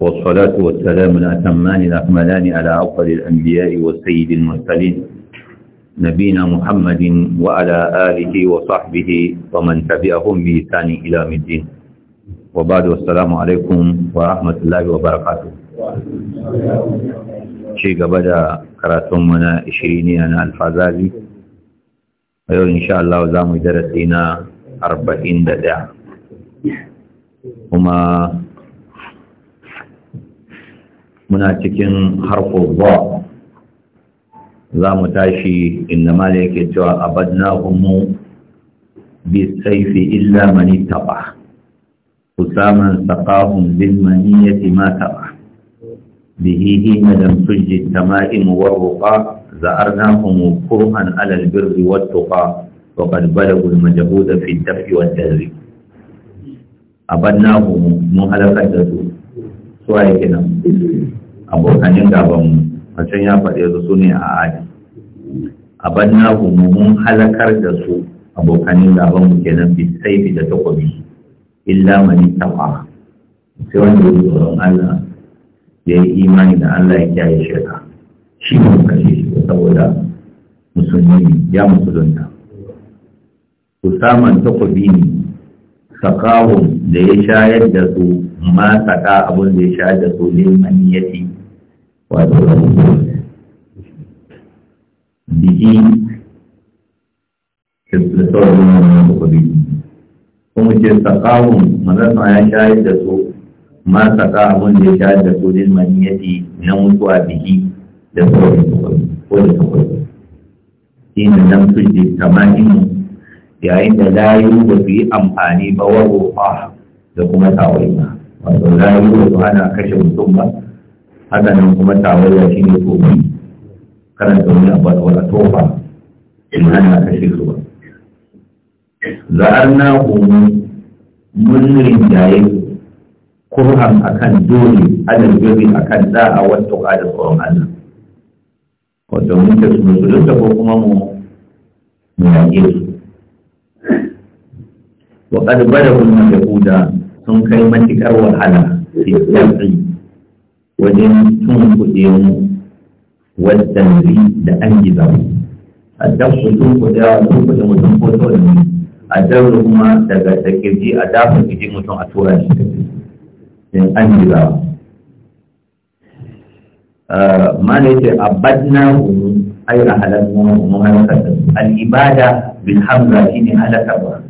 والصلاة والسلام الأتمان الأكملان على أفضل الأنبياء والسيد المرسلين نبينا محمد وعلى آله وصحبه ومن تبعهم بإحسان إلى الدين وبعد والسلام عليكم ورحمة الله وبركاته شيء قبل من عشريني أنا الفازالي ويقول أيوة، إن شاء الله زام درسينا أربعين ددع وما muna cikin harfo ba za mu tashi inda mala yake cewa abadna humu bi saifi illa mani taba usaman saqahum bil maniyati ma taba bihi hina dam sujji tama'im wa ruqa za'arnahum qur'an ala birri wat tuqa wa qad gulma al majhuda fi al daf'i wat abadna mun halakar da su suwaye kenan abokanin gaban wancan ya faɗi su su ne a adi na mun halakar da su abokanin gaban mu kenan bi bi da takobi illa mani taqa sai wanda ya tsoron Allah ya yi imani da Allah ya kiyaye shirka shi ne kashe shi saboda musulmi ya musulunta Usaman takobi ne sakawun da ya shayar da su ma saka abun da ya shayar da su ya fi wato biki kuma ce sakawun mazasa ya shayar da su ma saka abun da ya shayar da su ya fi na mutuwa biki da sauran kuɗi ko da kuɗi shi ne nan su ji tamanin yayin da layu ba su yi amfani ba wa rufa da kuma tawaiya wato layu ba su hana kashe mutum ba haka nan kuma tawaiya shi ne tobi karanta wani abu da wani tofa in hana kashe su ba za'ar na homi mun rinjaye kurhan akan dole adal gobe akan da'a wata da tsoron Allah wato mun ta su musulunta ko kuma mu mu yaƙe su wa qad balagu al sun kai matikar wahala fi dafi wajen tun kuɗe mu wajen da an giza a dafu tun kuɗe wa tun kuɗe mutum ko to a dafu kuma daga da kirji a dafa kirji mutum a tura shi in an giza mu ma ne ce abadna umu ai a halar mu mu halakar da su al-ibada bil hamza shine halakarwa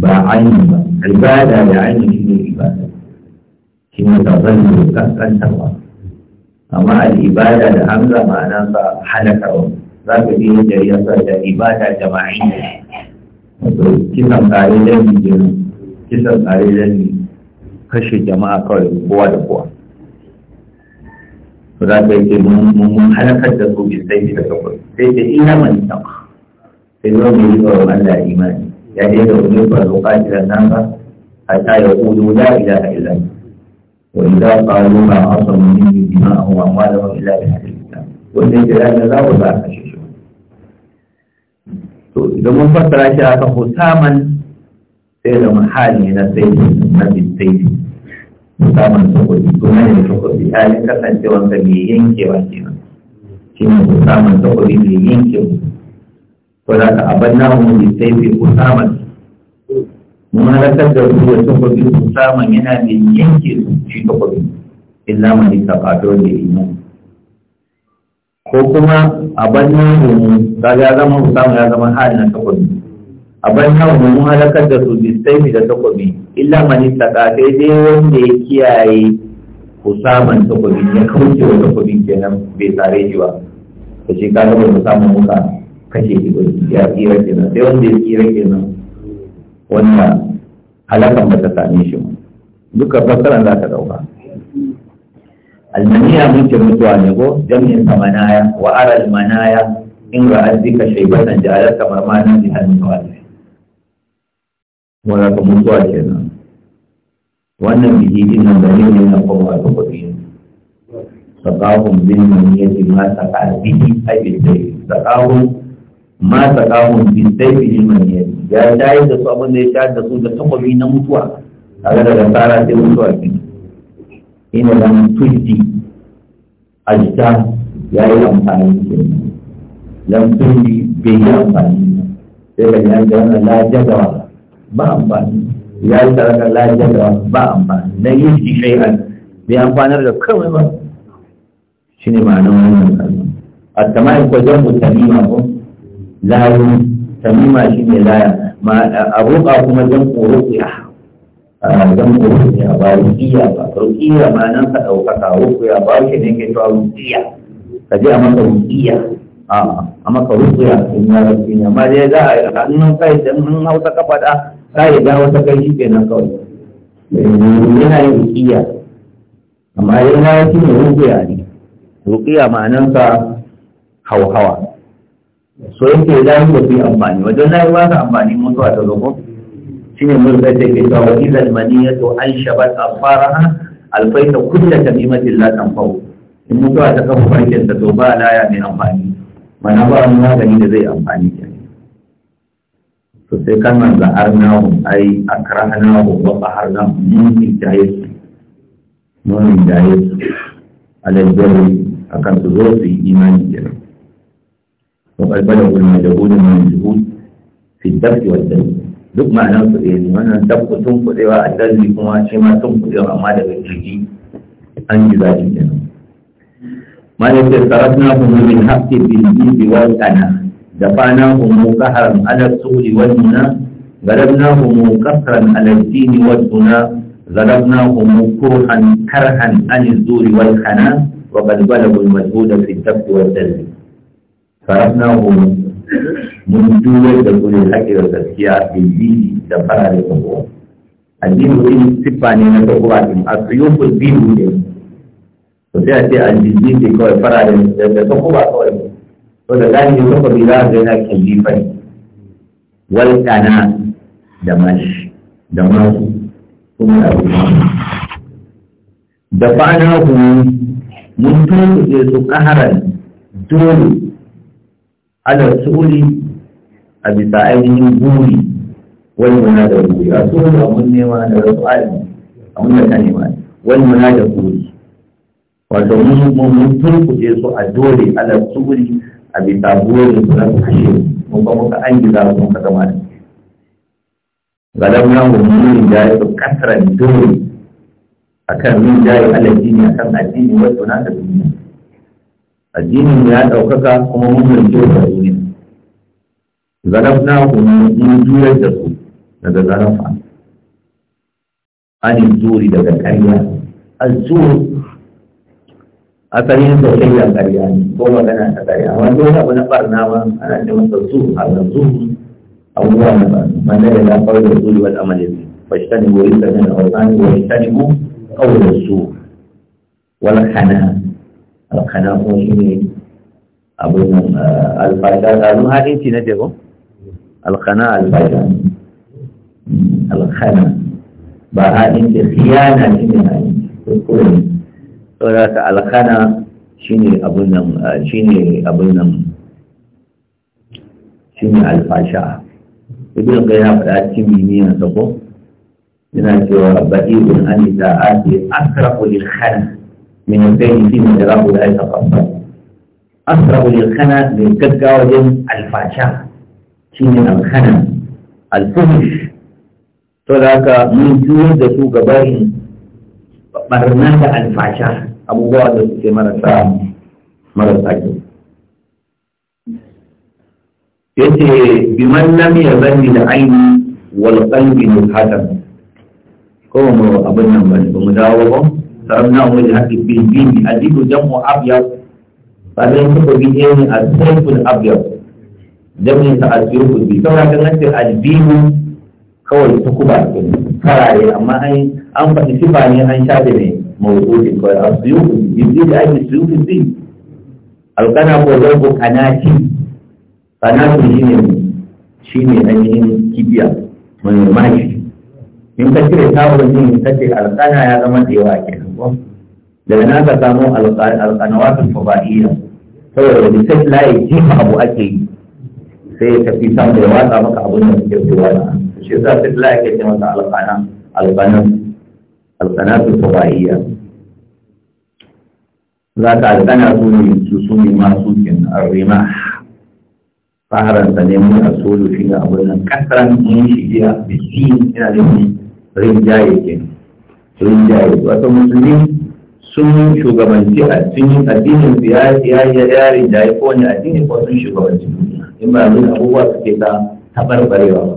ba aini ba ibada da aini shi ne ibada shi ne tazallu kankantarwa? amma al'ibada da an hamza ma'ana ba halakarwa za ka ji yadda da sa da ibada jama'i wato kisan tsare da mijin kisan tsare da kashe jama'a kawai kowa da kowa to za ka yi mun halakar da su bi sai da kawai sai da ina man sai zo mai yi tsoron Allah imani ya je da wani faru ƙatilan nan ba a ta yi hatta ya a ila a ila wa idza qalu ma asamu min dima'ahum wa amwalahum illa bi hadhihi ila kitab wanda yake da za ku za a kashe shi to idan mun fassara shi a kan ko saman sai da mahali na sai na sai bisai husaman saboda kuma ne a yi kasancewa ga mai yankewa kenan shi ne husaman saboda mai yankewa ko za ka aban mu ne sai bi usama mun halakar da su da takobi usama yana da yanke su shi takobi illa man istaqado da iman ko kuma aban mu kaga ya zama usama ya zama hali na takobi aban mu mun halakar da su bi sai da takobi illa ta istaqado dai wanda ya kiyaye usaman takobi ya kauce wa takobin kenan bai sare shi ba to shi kaga ba mu samu muka kashe shi ba ya tsira ke nan, sai wanda ya tsira nan wannan halakan ba ta same shi ba duka fassara za ta dauka almaniya mun ce mutuwa ne ko jami'in sa manaya wa ara almanaya in an zika shaybatan ja'alat kamar ma nan ji hannun ne wala ka mutuwa kenan wannan biki din nan da ne na kowa da kuɗi sakahun bin maniyati jima saka biki a bidai sakahun ma ta kamun bin saifi liman ya ya shayar da su abin da ya shayar da su da takwabi na mutuwa kaga daga tsara sai mutuwa ke ina zan a ajita ya yi amfani da ke lam tuji bai yi amfani sai ka yi da wannan lajagawa ba amfani ya yi tare da lajagawa ba amfani na yi shi shai'an bai amfanar da kawai ba shi ne ma'anar wannan kalma a tamayin ko jan mutane ma layu tamima shi ne laya ma abuka kuma zan koro kuya ah, zan koro ya ba rukiya ba rukiya ma nan ka ku ya ba wuce ne ke cewa rukiya ka a maka rukiya ah, a maka rukiya in ya ne amma dai za a yi hannun kai dan hannun hausa ka faɗa kai ga wata kai shi kenan kawai yana yin rukiya amma yana ruqiya ne rukiya ne rukiya hawa hauhawa so yake da mu fi amfani wajen nan ba ta amfani mutuwa ta zo shine mun da take cewa wa idal to an shabat afaraha alfaita kullu tamimatin la tanfau in mutuwa ta kafa farkin ta to ba laya mai amfani mana ba mu magani da zai amfani ke to sai nan da arnahu ai akrahnahu wa qaharnahu mun fi jayyis mun jayyis alal jari akan su zo su yi imani kenan وقد بلغوا المجهود من الجهود في الدفع والدليل duk ma'anar su ɗaya ne wannan dabba tun kuɗewa a dalli kuma shi ma tun kuɗewa amma daga jirgi an ji zafi kenan malik ya sarafna kuma min haqqi bil ibi wal ana da fana kuma qaharan ala suli wal muna garabna kuma kasran ala dini wal zarar na kuma kurhan karhan an zuri wal kana wa qad balagu al majhuda fi dabbi wal fa'ina hulun mun duniyar da kuma haƙe da gaskiya da bibini da farare da buwa addini wani siffa ne na ta kuma din a su yunfa bibu ne sai a ce a jiji ne kawai farare da ta kuma kawai to da gani ne kuma bila ga yana kan da mash da masu kuma da kuma da hulun mun tuntuɗe su ƙaharar dole ala tsuri a bisa ainihin buri wani muna da buri a suri abun nema da rasu alimi abun da ka nema wani muna da buri wato mun mun je su a dole ala tsuri a bisa buri su na kashe mun ba muka an gida mun ka gama da mun na umurin da ya kasara dole akan min jayi ala dini akan addini wato na da duniya addinin ya ɗaukaka kuma mun mulke da duniya zarafna kuma mun juyar da su daga zarafa an zuri daga ƙarya azur asalin soyayyar ƙarya ne ko magana ta ƙarya wani wani abu na ɓarna ma ana ce masa su a yanzu abubuwa na ɓarna wanda ya lafar da zuri wani amalin fashtani wuri sanin a wasani wani tani mu ƙaunar su wani hana kana ko shi ne abin eh, alfada ɗazun haɗinci na jego alkana alfada alkana ba haɗinci siyana shi ne haɗinci kuskure alkana shi ne abin nan eh, shi ne abin nan shi ne alfasha ibn ga yana faɗa cikin mimiyan sako yana cewa ba'i'un an ita'ati akrafu lil khana من البين في من جراه لا يتقصر أسرع للخنا من كدقى وجن الفاشا شين الخنا الفهش تلاك من جود سوق بين برناك الفاشا أبو بعد في مرسا مرسا كيف yace biman lam yazalli da aini wal qalbi nuhatan ko mu abin nan ba mu dawo ba sarrafin abuwa da haɗe bilbili a jikin jamu abiyar sabi yin kuka bi ɗaya ne a tsaikun abiyar jamu yin a tsaye ku bi saboda ta nace albihu kawai ta kuba ta ne karare amma an an faɗi kifa ne an sha da ne mawuzi kawai a tsaye ku bi bi da ake tsaye ku bi alƙana ko zarko kanaki kanaki shi ne shi ne yi kibiya mai mashi in ka cire tawul din ka ce alƙana ya zama da yawa kenan ko daga nan ka samu alƙanawatul fadaiya saboda research layi jifa abu ake yi sai ya tafi sam da ya watsa maka abin da suke rubuwa na shi yasa research layi ke ce masa alƙana alƙana alƙanatul fadaiya za ka alƙana su ne su su ne masu kin arrima faharan sa ne mun asulu shi ne abin nan kasaran mun shi jiya bisi ina da rinjaye ke rinjaye wato musulmi sun yi shugabanci addinin addinin su ya ya rinjaye ko wani addini ko sun shugabanci in ba yanzu abubuwa suke ta tabarbarewa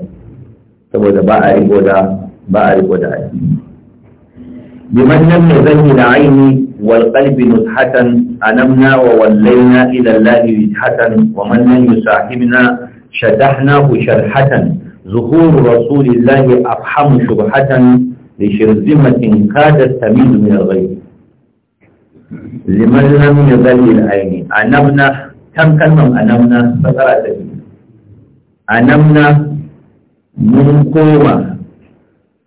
saboda ba a riko da ba a riko da addini biman nan ne zan yi da aini والقلب نزحة أنمنا وولينا إلى الله نزحة ومن لم يصاحبنا شدحناه شرحة ظهور رسول الله أفحم شبهة لشرذمة كادت تميل من الغيب لمن لم يذل العين أنمنا كم كلمة أنمنا فترة أنمنا من قوة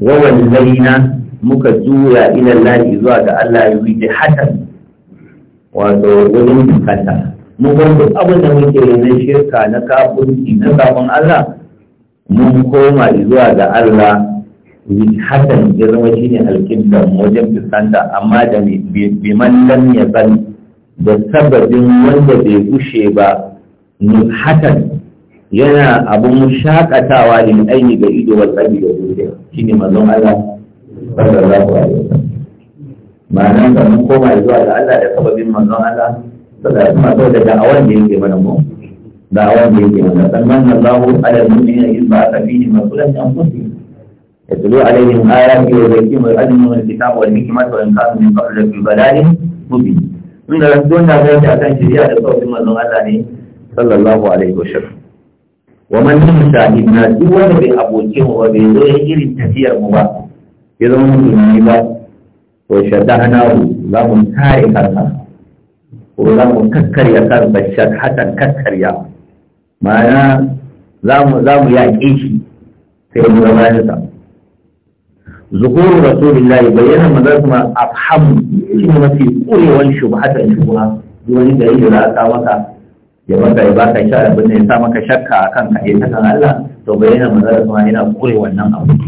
وولينا مكزورا إلى الله إذا الله يريد حسن وذلك كتا mu bar duk abin da muke na shirka na kafirci na sabon Allah mun koma zuwa ga Allah hakan ya zama shi ne alƙiblar wajen fuskanta amma da bi mallan ya san da sababin wanda bai gushe ba ni hakan yana abu mu shakatawa ne aini ga ido wa tsabi da zuciya shi ne mazan Allah sallallahu alaihi wasallam ma'ana da mun koma zuwa ga Allah da sababin mazan Allah sallallahu alaihi wasallam da da'awar da yake mana mu ba wanda yake wanda sannan Allahu ala mu'minina iz ba'atha fihim rasulan min anfusihim yatlu alaihim ayati wa yuzakkihim wa yu'allimuhum alkitaba wal hikmata wa in kanu min qablu fi dalalin mubin inda rasulun da ya ta kan shari'a da sautin manzon Allah ne sallallahu alaihi wa sallam wa man yusahibna duk wanda bai aboke wa bai zo ya irin tafiyar mu ba ya zama musulmi ba to shadda ana za mu kare kansa ko za mu kakkarya kansa shadda hatan kakkarya ma'ana za mu yaƙe shi sai mu zama ya sa zuhuru rasulillahi bayyana manzon kuma afhamu shi ne mafi kurewar shubhata shubha wani da yake da aka maka ya maka ya baka sha abin da ya sa maka shakka a kan ka ta kan Allah to bayyana manzon kuma yana kure wannan abu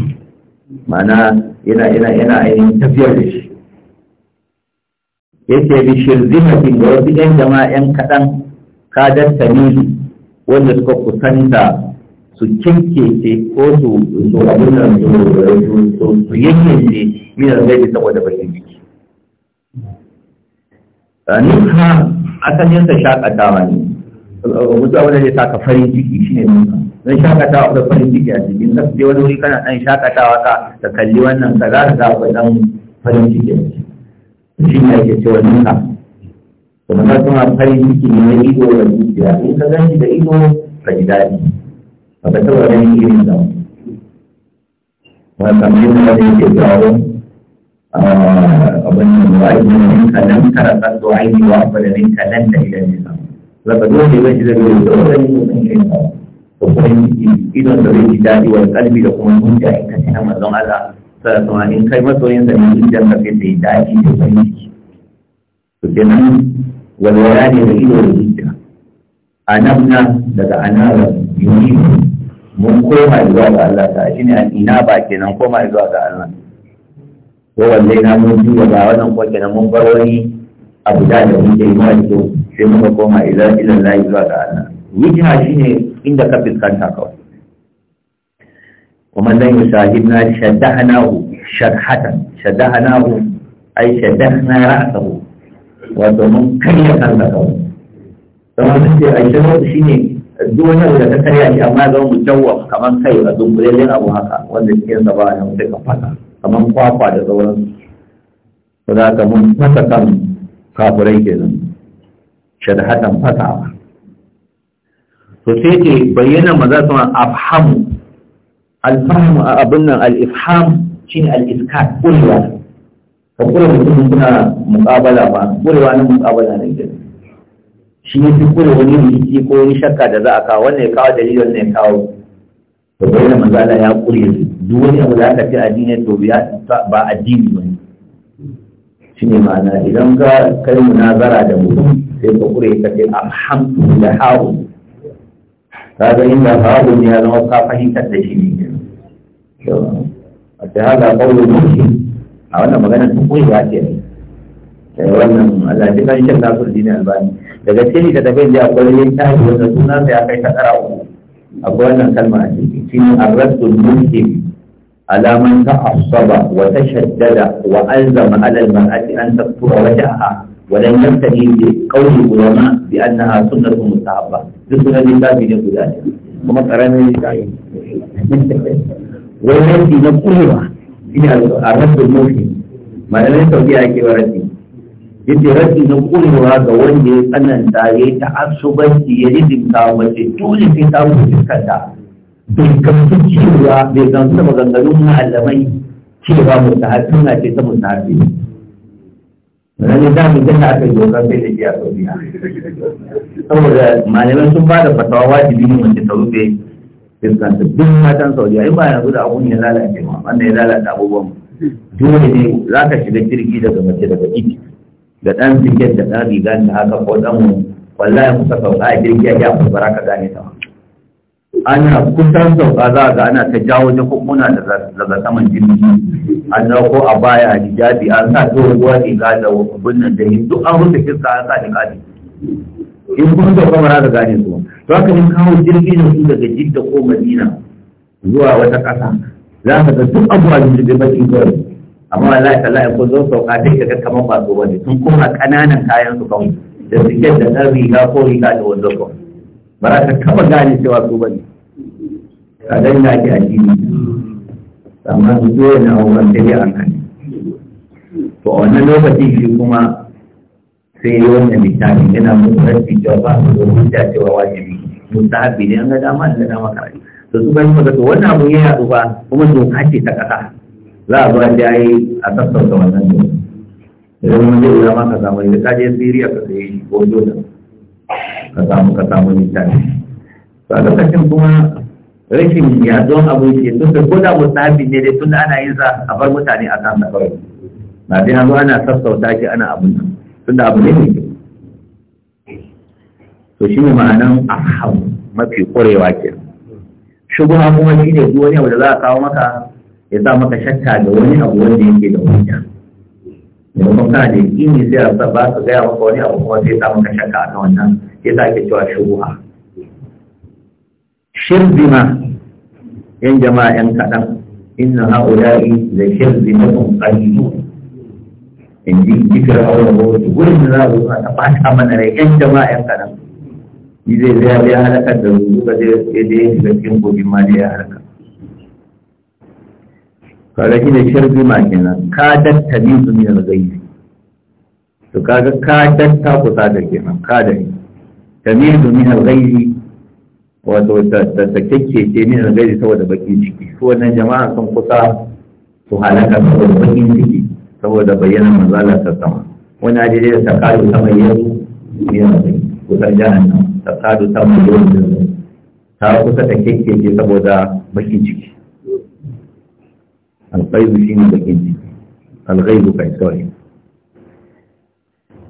ma'ana yana yana yana ainihin tafiyar da shi yake bi shirzimatin da wasu 'yan jama'a 'yan kaɗan kadar tamizu wanda suka kusanta su kinkece ko su su abunan su yankince minar gaibi saboda bakin jiki ah, nuka asalinsa shakatawa ne wasu abu da zai saka farin ciki shi ne nuka don shakatawa da farin ciki a cikin ka je wani wuri kana ɗan shakatawa ka ka kalli wannan ka za ka ga akwai ɗan farin ciki a ciki shi ne ake cewa nuka kuma na suna farin ciki ne na ido da zuciya in ka gani da ido ka ji daɗi ba ka taɓa ganin irin da ba ka kamar yadda da yake jawo ah, abin da ba a yi min kalan karasa to a yi wa abin da min nan da idan ne sa ka dole ba shi da zai da wani mutum irin da ba ko kuma idon da zai ji daɗi wani kalbi da kuma zuciya in ka tana mazan Allah sai kuma in kai masoyin sa ne zuciyar ka sai ta yi daɗi da farin ciki to kenan walwala ne da ido da zuciya anabna daga anaba yuni mun koma zuwa ga Allah ta shine an ina ba kenan koma zuwa ga Allah ko walle na mun ji ba wannan ko kenan mun bar wani abu da da muke yi ma sai muka koma ila ila zuwa ga Allah shine inda ka fiskanta kawai ومن لا يشاهدنا شدهناه شدحة شدهناه أي شدحنا رأسه wato mun karya kansa kawai kamar sun ce a shirin shi ne duk wani abu da ka karya shi amma zama mu jawwa kamar kai a dunkulelen abu haka wanda cikin sa ba ya mutu ka fata kamar kwakwa da sauransu to da haka mun fasa kan kafurai kenan shadhatan fata to sai ce bayyana maza suna afhamu alfahamu abin nan al-ifham shine al-iskat kullu ka kure mutum kuna mukabala ba kurewa na mukabala ne gida shi ne fi kure wani rikici ko wani shakka da za a kawo wannan ya kawo dalilin wannan ya kawo da bai da ya kure su duk wani abu da aka fi addini to ba addini ba ne shi ne ma'ana idan ka kai munazara da mutum sai ka kure ka ce alhamdulillah hawo ga inda hawo ne ya zama ka fahimtar da shi ne a ta haka kawo mutum a wannan magana ta ba ce ne eh, wannan alhaji kan shan nasu da dinin albani daga cikin da tafiyan da akwai yin tafi wanda suna sai kai ta tsara uku akwai wannan kalma a ciki shi ne arrasul mulki alaman ta asaba wa ta shaddada wa alzama alal mar'ati an tattura wajaha ولن ينتهي بقول العلماء بانها سنه مستحبه دي سنه دي كافي دي guda ne kuma karamin ne Wannan yanki na shine ar-raddul mufti malamin saudiya ake wa raddi yadda raddi na kurewa ga wanda ya tsananta ya yi ta'assubanci ya ridinta mace dole sai ta mutu fuskanta bai gamsu cewa bai gamsu da maganganun malamai cewa musahabi na ce ta musahabi wani za mu gina aka yi dokar sai da ke a saudiya saboda malamai sun ba da fatawa wajibi ne mace ta rufe fiskanta duk matan saudiya in ba yanzu da abun ya lalace ma wannan ya lalace abubuwan dole ne za ka shiga jirgi daga mace daga iti da ɗan siket da ɗan riga da haka ko ɗan wallahi kusa sauka a jirgi a yafi bara ka gane ta ana kusan sauka za a ga ana ta jawo ta kukkuna daga saman jirgi an ko a baya a jijabi an sa wani riga da wani bunnan da duk an rufe fiska an sa niƙabi in kun sauka ba za ka gane su to haka in kawo jirgin da su daga jidda ko madina zuwa wata ƙasa za ka ga duk abuwa da jirgin bakin kawai amma wallahi tallahi ko zo sauka duk ka ga kamar ba su bane sun kuma ƙananan kayan su kawai da suke da ɗan riga ko riga da wanzu kawai ba za ka taɓa gane cewa su bane ka dan da ake addini amma su zo yana wani dare an kan to a wannan lokacin shi kuma sai wannan littafin yana mutunci cewa ba su zo hujja cewa wajibi Mun mustahabbi ne an ga dama da dama karai to su bai maka to wannan abu ya yadu ba kuma doka ce ta kasa za a zo an da yi a sassauta wannan doka idan mun je wuya ma ka samu idan ka je siriya ka sayi shi ko jona, ka samu ka samu littafi to a lokacin kuma rashin yaduwan abu ke tun da ko da mustahabbi ne dai tun da ana yin sa a bar mutane a kan sa kawai ba dai an ana sassauta shi ana abun nan tun da abu ne ne to shi ne ma'anan aham mafi ƙwarewa ke shubha kuma shi ne duk wani abu da za a kawo maka ya sa maka shakka da wani abu wanda yake da hujja da kuma kana da yaƙini sai a sa ba ka gaya maka wani abu kuma sai sa maka shakka a kan wannan ya sa ake cewa shubha shirzima yan jama'a yan kaɗan inna ha'ula'i da shirzimatun qalilun in ji kifir hawa da wasu gurin da za a zo ta ɓata mana rai yan jama'a yan kaɗan shi zai zai ya halakar da su duka zai ya je shiga cikin kogin ma da ya halaka kaga shi ne sharbi ma kenan ka datta bi su min al-ghayb to kaga ka datta kusa da kenan ka da tamizu min al-ghayb wato ta take ce min al-ghayb saboda bakin ciki Ko wannan jama'a sun kusa su halaka saboda bakin ciki saboda bayyana manzala ta sama wani ajiye da ta kalu ta bayyana min al-ghayb Kusa jahannam ta sadu ta mutum da ta kusa ta kekkece saboda bakin ciki alƙaibu shi ne bakin ciki alƙaibu kai sorry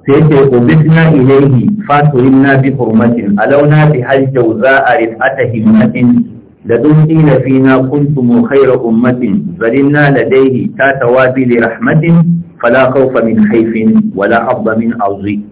sai ce ubidna ilaihi na bi hurmatin alauna bi hal jawza a rifata himmatin لدن قيل فينا كنتم خير أمة ظللنا ta tawabi li rahmatin, فلا خوف من خيف ولا حظ من عظيم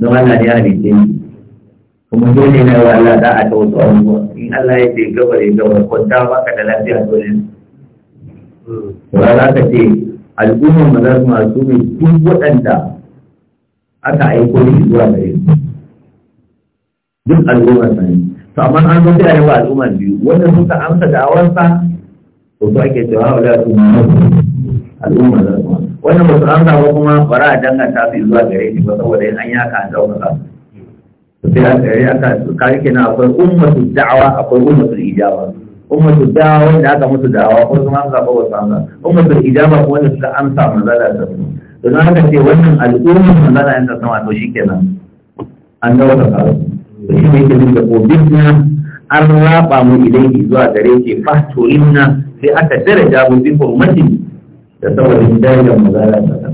don Allah ne ya halitta ni kuma dole na yi wa Allah za a ta wasu abubuwa in Allah ya ce gabar ya gabar kwanta baka da lafiya dole ne. Hmm. wa za ka ce al'ummar maza masu mai duk waɗanda aka aiko ne zuwa gare su duk al'ummar sani to amma an zo sai a wa al'ummar biyu wanda suka amsa da'awarsa to ake cewa wala su mu al'umma da kuma wannan ba su amsa ba kuma bara a danganta su zuwa gare shi ba saboda in an yi haka an ɗaukaka su sai a gare aka su kari kenan akwai ummatu da'awa akwai ummatu ijaba ummatu da'awa wanda aka musu da'awa ko sun amsa ko ba su amsa ummatu ijaba ko wanda suka amsa manzala da su to na haka ce wannan al'umma manzala ya sama to shi kenan an ɗaukaka su to shi ne ke nuna ko na an raba mu ilaihi zuwa gare shi fahtolinna sai aka daraja mu bi hurmatin da saboda darajar mu za ta sana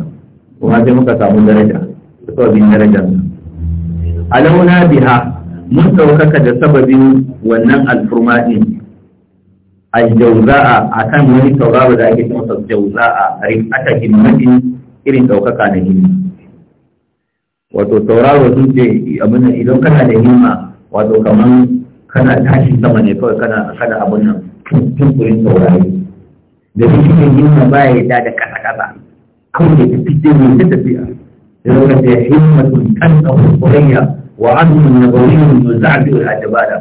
kuma sai muka samu daraja da sababin darajar nan launa biha mun saukaka da sababin wannan alfurma ɗin jauza'a a kan wani tauraro da ake sau jauza'a a rikata himmatin irin ɗaukaka na himma wato tauraro sun ce abin idan kana da himma wato kamar kana tashi sama ne kawai kana abin nan tun kurin saurari. da shi ne himma ba ya da da kasa kasa kawai da fice ne ta tafiya da lokacin ya himmatun kan ɗaukar kurayya wa azumin na gaurin da za'abi wa ajabada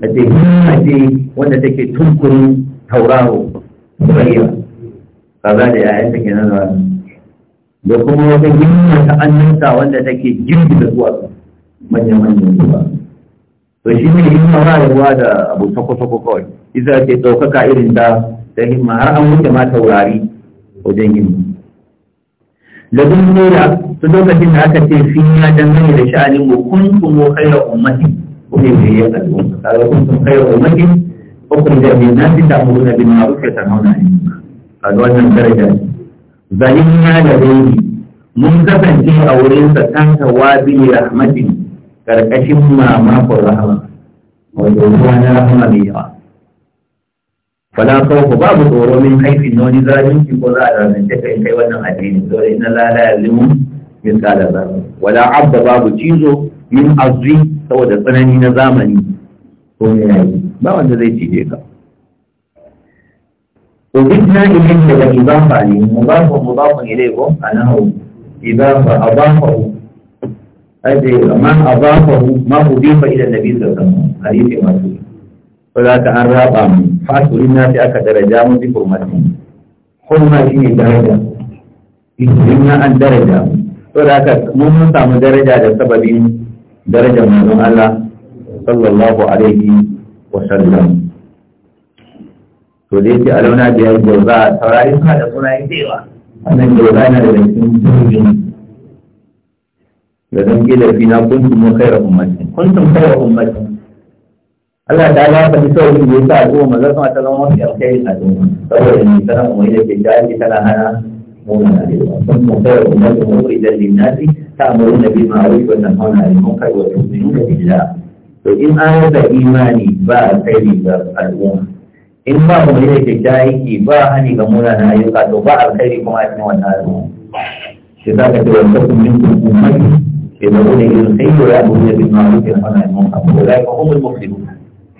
da ta himma ce wanda take tunkurin tauraro kurayya kaza da yayan ta kenan da da kuma wata himma ta annanta wanda take jirgin zuwa manya-manyan zuwa to shi ne himma ba ruwa da abu sako-sako kawai isa ke ɗaukaka irin ta. da himma har an wuce ma taurari wajen himma ladun nura su lokacin da aka ce fi ya dangane da sha'anin mu kuntum wa khayra ummatin kuma ne ya kallu kaga kuntum khayra ummatin ukun da min nasi ta'muruna bil ma'ruf wa tanhauna 'anil munkar kaga wannan daraja zalimna da dai mun kasance a wurin sa kan tawabi rahmatin karkashin mamakon rahama wato ruwa na rahama mai yawa fala khawfu babu tsoro min haifin na wani zalunci ko za a zalunce ka in kai wannan addini dole inna la la yalimu min qala zalim wala abda babu cizo min azri saboda tsanani na zamani ko ne yayi ba wanda zai cije ka وبدنا إليه والإضافة عليه مضاف ومضاف إليه أنه إضافة أضافه أدري من أضافه ما أضيف إلى النبي صلى الله عليه وسلم حديث مسعود ko za ka an raba mu fasuri na sai aka daraja mu bi hurmati hurma shi ne daraja idan na an daraja to da ka mun samu daraja da sababin darajar manzon Allah sallallahu alaihi wa sallam to dai sai alauna biya gauza saurari suna da sunayen yin yawa wannan gauza yana da laifin jirgin da zan gida fi na kuntum khairu ummatin kuntum khairu ummatin Allah ta ba ka fito shi ne sa al'umma manzon sama ta zama mafi alkhairi al'umma saboda ni tana umai da ke jari tana hana mona da yawa sun mu kai umar da mu idan linnati ta amuru da bi ma'ruf wa tanhauna 'anil munkar wa tu'minuna billah to in an da imani ba alkhairi ga al'umma in ba umai da ke jari ba hani ga mona na ayyuka to ba alkhairi kuma a cikin wannan al'umma sai za ka ce wata kumin ummai يدعون الى الخير ويامرون بالمعروف وينهون عن المنكر واولئك هم المفلحون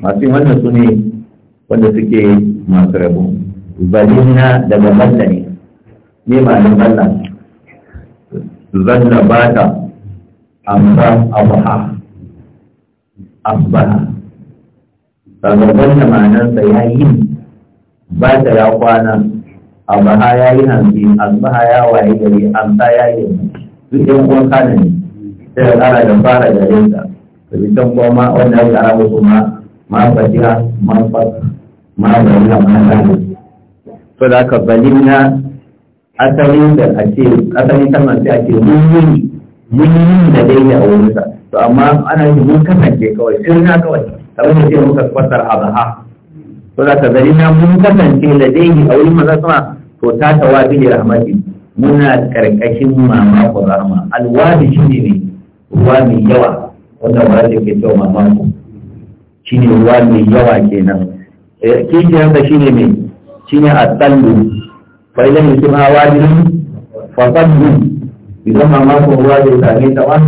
masu yin wannan su ne wanda suke masu rabu zalina daga balla ne ne ma da balla zanna ba ta amsa abuha asbaha daga da ma'anarsa ya yi ba ta ya kwana abuha ya yi hanzi asbaha ya waye gari amsa ya yi duk yan uwan kana ne sai ya kara da fara garin ka da bitan kuma wanda ya kara musu ma ma fajira ma fasa ma to da aka zalimna asalin da ake asalin kalmar sai ake mummuni mummuni da dai da aurinsa to amma ana yi mun kasance kawai sirna kawai kamar da sai muka fasar abaha to da aka zalimna mun kasance da daidai a wurin maza suna to ta tawabi da rahmati muna karkashin mama ko rahma alwabi shine ne ruwa mai yawa wanda ba ke cewa mama shine ruwa mai yawa kenan eh, kishiyar da shine mai shine asallu fa idan mutum hawa jinin fasaddu idan mamakon ruwa ya same ta ba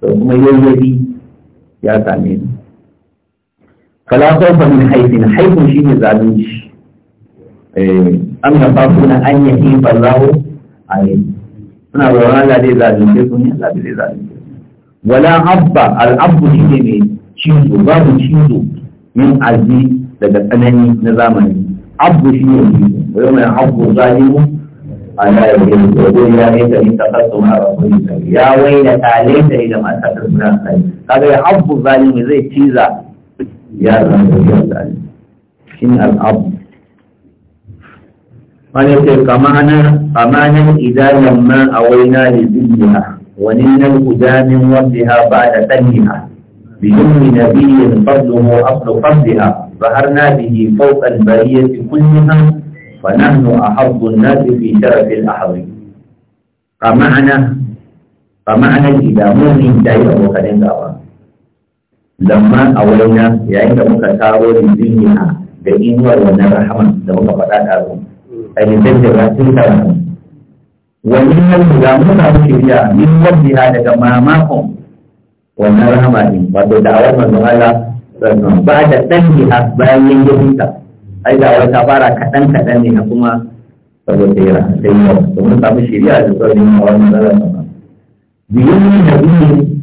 to kuma yayyafi ya same ta fala min haifin haifin shine zalunci eh, an gaba suna na an yi yi fallawo a yi suna zaune Allah zai zalunce su ne Allah zai zalunce wala abba al'abbu shine mai cizo babu cizo min azi daga tsanani na zamani abu shi ne wai mai abu zalimu ala ya yi gogo ya yi ta ni takasu ma rasuli ya wai da tale da ida ma ta tsuna sai kaga ya abu zalimu zai ciza ya zama ya zalimu shin al abu wani ce kamanan idan lamma a waina da zuniya wani nan gudanin wanda ya ba da saniya بدون نبي قبله أصل قبلها ظهرنا به فوق البرية كلها فنحن أحب الناس في شرف الأحضر فمعنى فمعنى إذا مؤمن جاي أبو خليل دعوة لما أولينا يعيد مكتابه لذنها بإن ورنا رحمة لما فقط أعلم أي تجد رسل سلامه ومن المدامون أبو شبيا من وضعها لك ما ماكم wannan rahama ne wato da'awar manzon Allah sannan ba da ɗan jiha bayan yin yahuta ai da wata fara kaɗan kaɗan ne na kuma saboda yara sai yau domin samu shirya da saurin wannan manzon Allah biyun nabi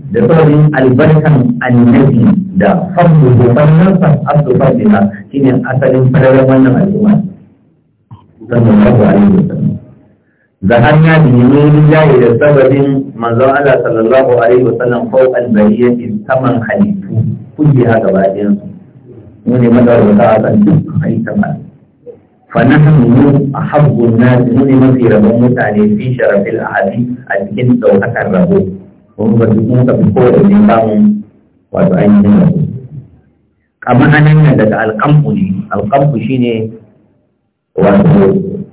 da saurin albarkan annabi da fadu da fannin san abdu fadila shine asalin fadarar wannan al'umma sallallahu alaihi wasallam da hanya da neman lillahi da sababin manzon Allah sallallahu alaihi wa wasallam fawqa al-bariyati saman halittu kulli ha gaba ɗayan su ne madarwata a kan duk halittar Allah fa nahnu mu ahabbu an-nas mu ne mafi rabon mutane fi sharafil ahadi a cikin daukakar rabo mun ba duk mun ka fi kowanne samun wato ainihin rabo kamar anan daga alƙamfu ne alƙamfu shine wato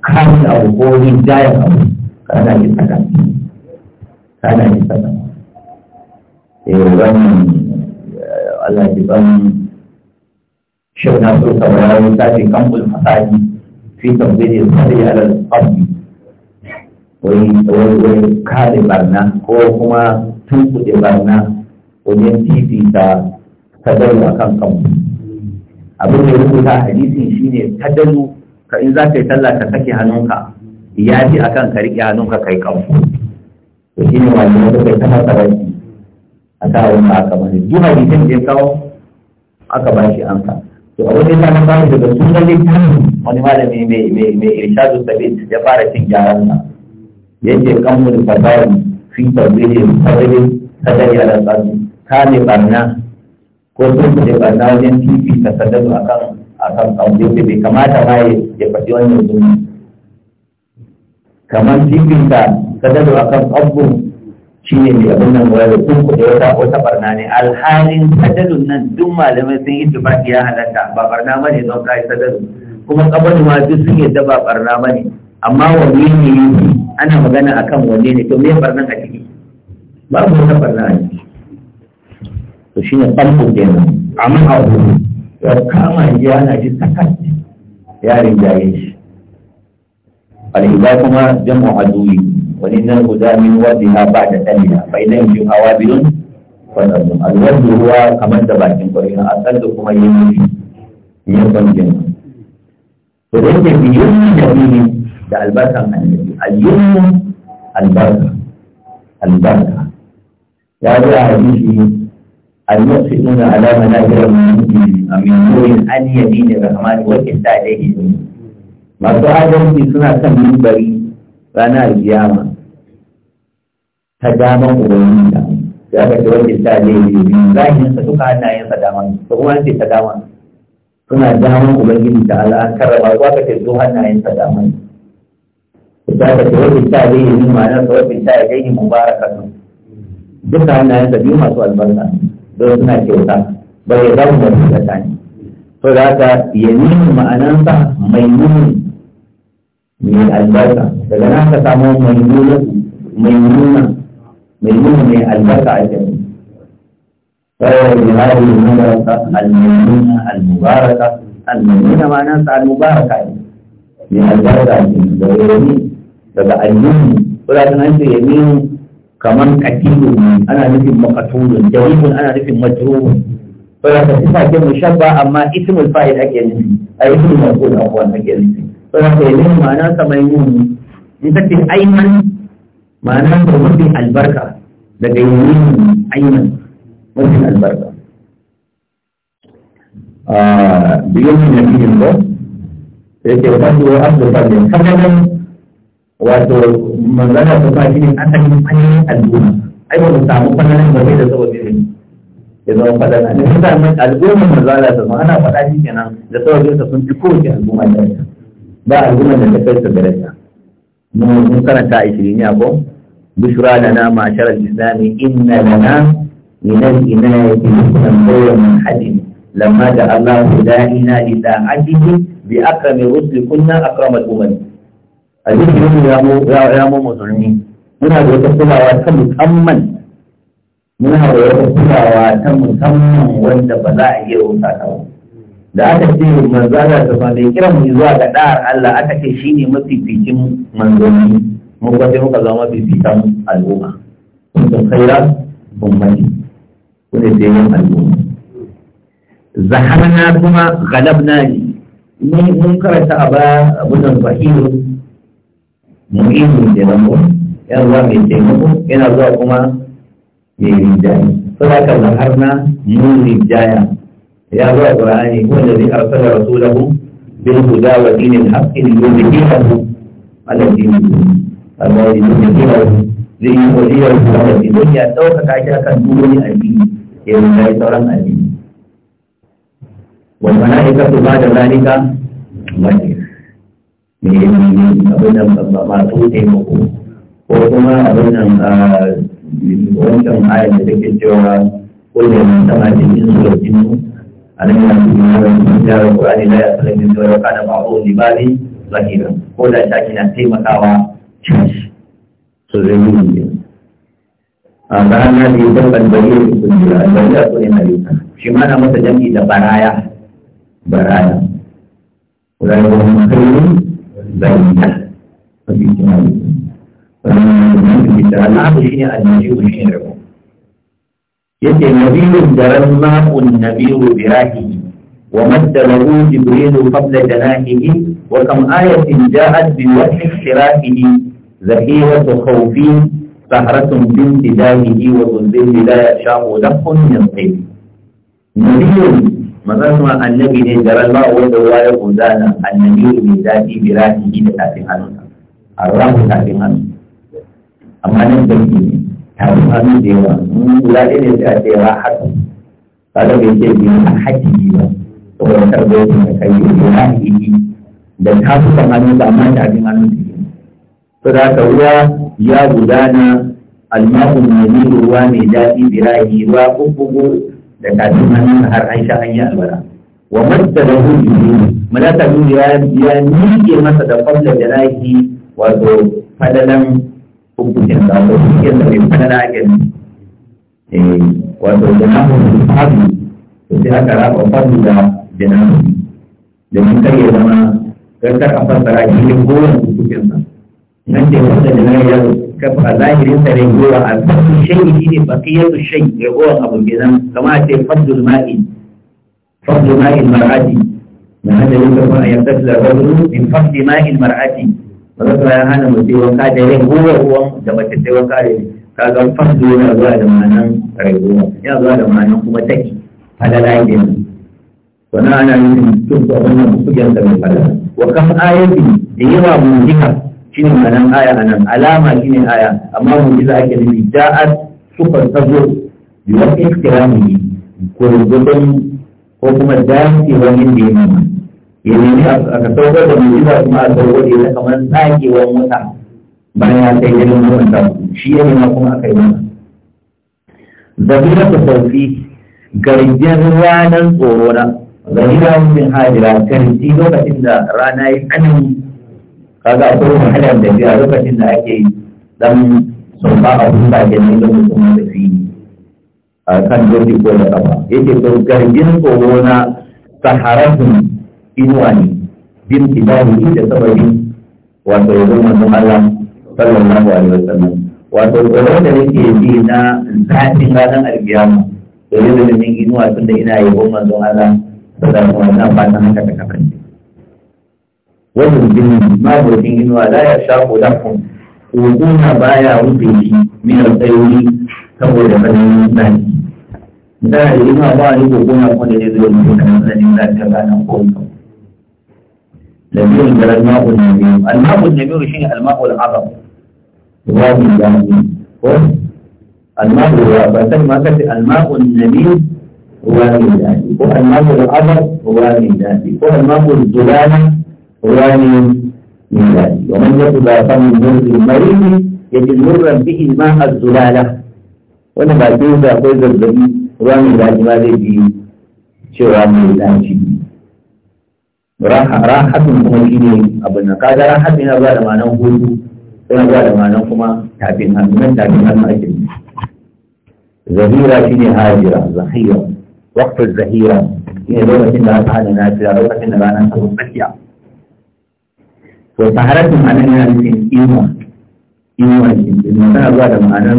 kan abu ko rinjayen abu kana yi saka kana yi saka eh wannan eh, Allah ya mu shi na so sauraron lissafi kan kul fasaji fi tabbiri sai ala al-qabdi wai wai kare barna ko kuma tunkuɗe barna wajen fifita a kan kanmu abin da ya rubuta hadisi shine tadalu ka in za ka yi sallah ka sake hannunka ya ji kan ka riƙe hannunka kai kanku to shi ne wani wanda kai ta masa rashi a ta wani aka bani duk hadisin da ya kawo aka ba shi an sa to abin da ya samu samu daga sunan littafin wani malami mai irshadu sabit ya fara cin gyaran sa yake kanmu da fasari fi tabbiri sadari sadari ala tsari kame barna ko sun da barna wajen fifita sadarwa kan? a kan kawai bai kamata ma ya faɗi wannan zumi kamar fifinta sadado a kan ƙabbun shi ne mai abin nan wayar da sun kuɗe wata wata barna ne alhalin sadadun nan duk malamai sun yi tuba ya halatta ba barna ba ne don kayi sadadun kuma kabar ma duk sun yadda ba barna ba ne amma wanne ne ana magana akan wanne ne to me barna a ciki babu wata barna a ciki to shine ƙabbun kenan amma a wuri ya kama ya na ji sakat ya rinjaye shi al'iba kuma jam'u aduwi wani nan guda min wadda ha ba da ɗanina bai nan biyu hawa biyun wannan alwadda ruwa kamar da bakin kwari na asal da kuma yin yi yin banjin to da yake biyun da biyu da albarkan annabi ayyun albarka albarka ya zo a hadisi alama na المؤسسون على منابر من نور عن يمين الرحمن وكنت عليه masu adalci suna kan mimbari ranar kiyama ta damar ubangiji da aka ce wanda ta ne ne biyu zahirinsa duka hannayensa daman ko kuma ce ta daman suna daman ubangiji da Allah an karrama ko aka ce su hannayensa daman da aka ce wanda ta ne ne ma'anar sa wanda ta ne ne mubarakatun duka hannayensa biyu masu albarka don suna kyauta ba ya zama da su da to da haka ma'anan ma'anansa mai nuni mai albarka daga nan ka samu mai nuna mai nuna mai nuna mai albarka a cikin فهو بهذه المدرسة الميمونة المباركة الميمونة معناها المباركة من البركة من اليمين فبقى اليمين ولا تنسى يمين kamar katilu ana nufin maqatulun jawibun ana nufin majrurun to da sifa ce mushabba amma ismul fa'il ake nufi a ismul maf'ul afwan ake nufi to da ke yin ma'ana sa mai yuni in ta ce aiman ma'ana da mafi albarka daga yuni aiman mafi albarka بيوم النبي الله يتوفى أهل فضل فضلا wato manzana ta sa shi ne asalin fannin al'umma ai ba mu samu fannin ba da saboda ne ya zama faɗa na nufin sa mai al'ummar manzana ta sa ana faɗa shi kenan da saboda ta sun fi kowace al'umma daraja ba al'ummar da ta kai ta daraja mun karanta a ishirin ya ko bushra lana ma'ashar al-islami inna lana min al-inayati husnan qawlan hadin lamma da Allah da'ina li da'atihi bi akrami rusli kunna akramal umam a mu ya mu ya mu musulmi muna da wata kulawa ta musamman muna da wata kulawa ta musamman wanda ba za a iya rusa ta ba da aka ce manzo Allah ta fa mai kiran mu zuwa ga da'ar Allah aka ce shine mafificin ne mu ba sai muka zama mafificin al'umma kuntum khaira ummati kune sai yin al'umma zahamna kuma galabna ne mun karanta a ba abudan fahimu mu'izu da zango yana zuwa mai taimako yana zuwa kuma mai rinjaya sadaka zahar harna mun rinjaya ya zuwa ƙura'ani wanda zai arsala rasulahu bil huda wa dinil haqqi li yudhihahu ala dinil Allah ya yudhihahu zai yi wajiyar da idan ya ɗaukaka shi akan duk addini ya rinjaye sauran addini والملائكة بعد ذلك ظهير abin nan masu taimako ko kuma abin nan wancan ayin da take cewa kullum mun sama su da mu a nan yana cikin yaran sun jara kurani da ya tsara min da ya kada ba ko libani zahira ko da shaki na taimakawa cash so zai yi ne a ga hanya da ya dabban bariyar su jira a bariyar su ne na yi shi ma na masa jam'i da baraya baraya. Kurani wani kai بينة فبإجمال فمن تعالى شيء النبي شيء يتي نبي درم ماء النبي براهه ومد له جبريل قبل جناحه وكم آية جاءت بوجه اخترافه ذخيرة خوفي سهرة بانتداهه وذل لا يشاء لف من الطيب نبي manzon kuma annabi ne jaran ba wanda ruwa ya nan annabi mai daɗi bi rahihi da tafin hannunsa arrahu tafin hannu amma nan da ke tafin hannu da yawa mun guda ɗaya ne sai a ce ra haka da bai ce bi haƙi ba saboda tarbiyyar da kai bi rahihi da tafukan hannu ba amma tafin hannu ne to da haka ruwa ya gudana almahu mai ruwa mai daɗi bi rahihi ruwa kuɓɓugu da kafin hannun har aisha an yi albara wa masta da hudu malaka duniya ya nike masa da kwamla da laki wato fadalan hukuncin da ko cikin da mai fadala a gani eh, wato da namun fadu da sai aka raba fadu da jinamu da mun kar ya zama karkar a fassara cikin goyon hukuncin sa nan ke wanda jinamu ya kafa a zahirin sa ragowa a fasu shayi shi ne bakiyatu shayi ragowar abu kenan kama a ce fadlul ma'in fadlul ma'in mar'ati na hadarin kafa a yardar da ragowar min fadlul ma'in mar'ati ba za ya hana mu sai wanka da ragowar ruwan da mace sai wanka da kaga fadlul yana zuwa da ma'anan ragowa yana zuwa da ma'anan kuma taki halala kenan wannan ana nufin duk da wannan kujen da mai falala wa kafa ayati da yawa mun jika shine nan aya nan? alama shine aya amma mu'jiza ake nufi da'at sufar tazo biwa ikirami ko gudun ko kuma dacewar wani da ya nuna ya nemi a ka sauka da mu'jiza kuma a sauka da ya kamar tsakewar wata, bayan ya kai jirgin ruwan da shi ya nema kuma aka yi mana zabira ta sauki garjiyar ranar tsoro na zabira mutum hajira karfi lokacin da rana ya tsanani kaga akwai wahalar da biya lokacin da ake dan sun ba a huta da ne lokacin kuma da fi a kan doki ko da kafa yake to gargin tsoro na saharatun inuwa ne bin ibahu da sababin wato yanzu manzon Allah sallallahu alaihi wasallam wato tsoro da nake ji na zafin ranar alkiyama domin da min inuwa tunda ina yabon manzon Allah sallallahu alaihi wasallam ta haka ta ne wani jini mabudin inuwa la ya sha kulakun kokuna baya rufe shi min tsayoyi saboda tsananin zafi misali da inuwa ba wani kokuna kuma da zai rufe kamar tsananin zafi ta gana ko لبيع الماء النبيل الماء النبيل شيء الماء العظم الواد الجامد الماء فسمى كتب الماء النبيل هو من ذلك الماء العظم هو من ذلك الماء الزلالة قيام ميلادي ومن يتبع فم المرء المريض يجد مرا به الماء الزلاله وانا بعدين ذا قيد الذي قيام ميلادي ما لي به شوام ميلادي راحة راحة مهمينة أبنى قال راحة من أبوال ما نوهد وانا أبوال ما نوهما تعبين هم من تعبين هم أجل زهيرة شيني هاجرة زهيرة وقت الزهيرة إن دولة الله تعالى ناسرة دولة الله تعالى ناسرة to taharatun ma'ana yana nufin inuwa inuwa ce domin tana zuwa da ma'anar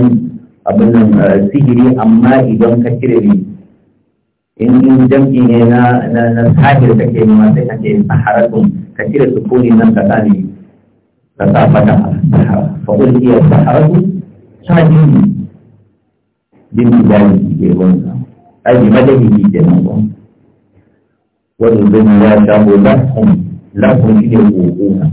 abin nan eh, sihiri amma idan ka cire ne in in jam'i ne na na na sahir kake nema sai ka ce taharatun ka cire sukuni nan ka sa ne ka sa fata fa qul hiya taharatun sajin bin bidani ke wannan aji madadi ke nan ba. wani zai ya kuma lafun lafun shi ne ƙoƙona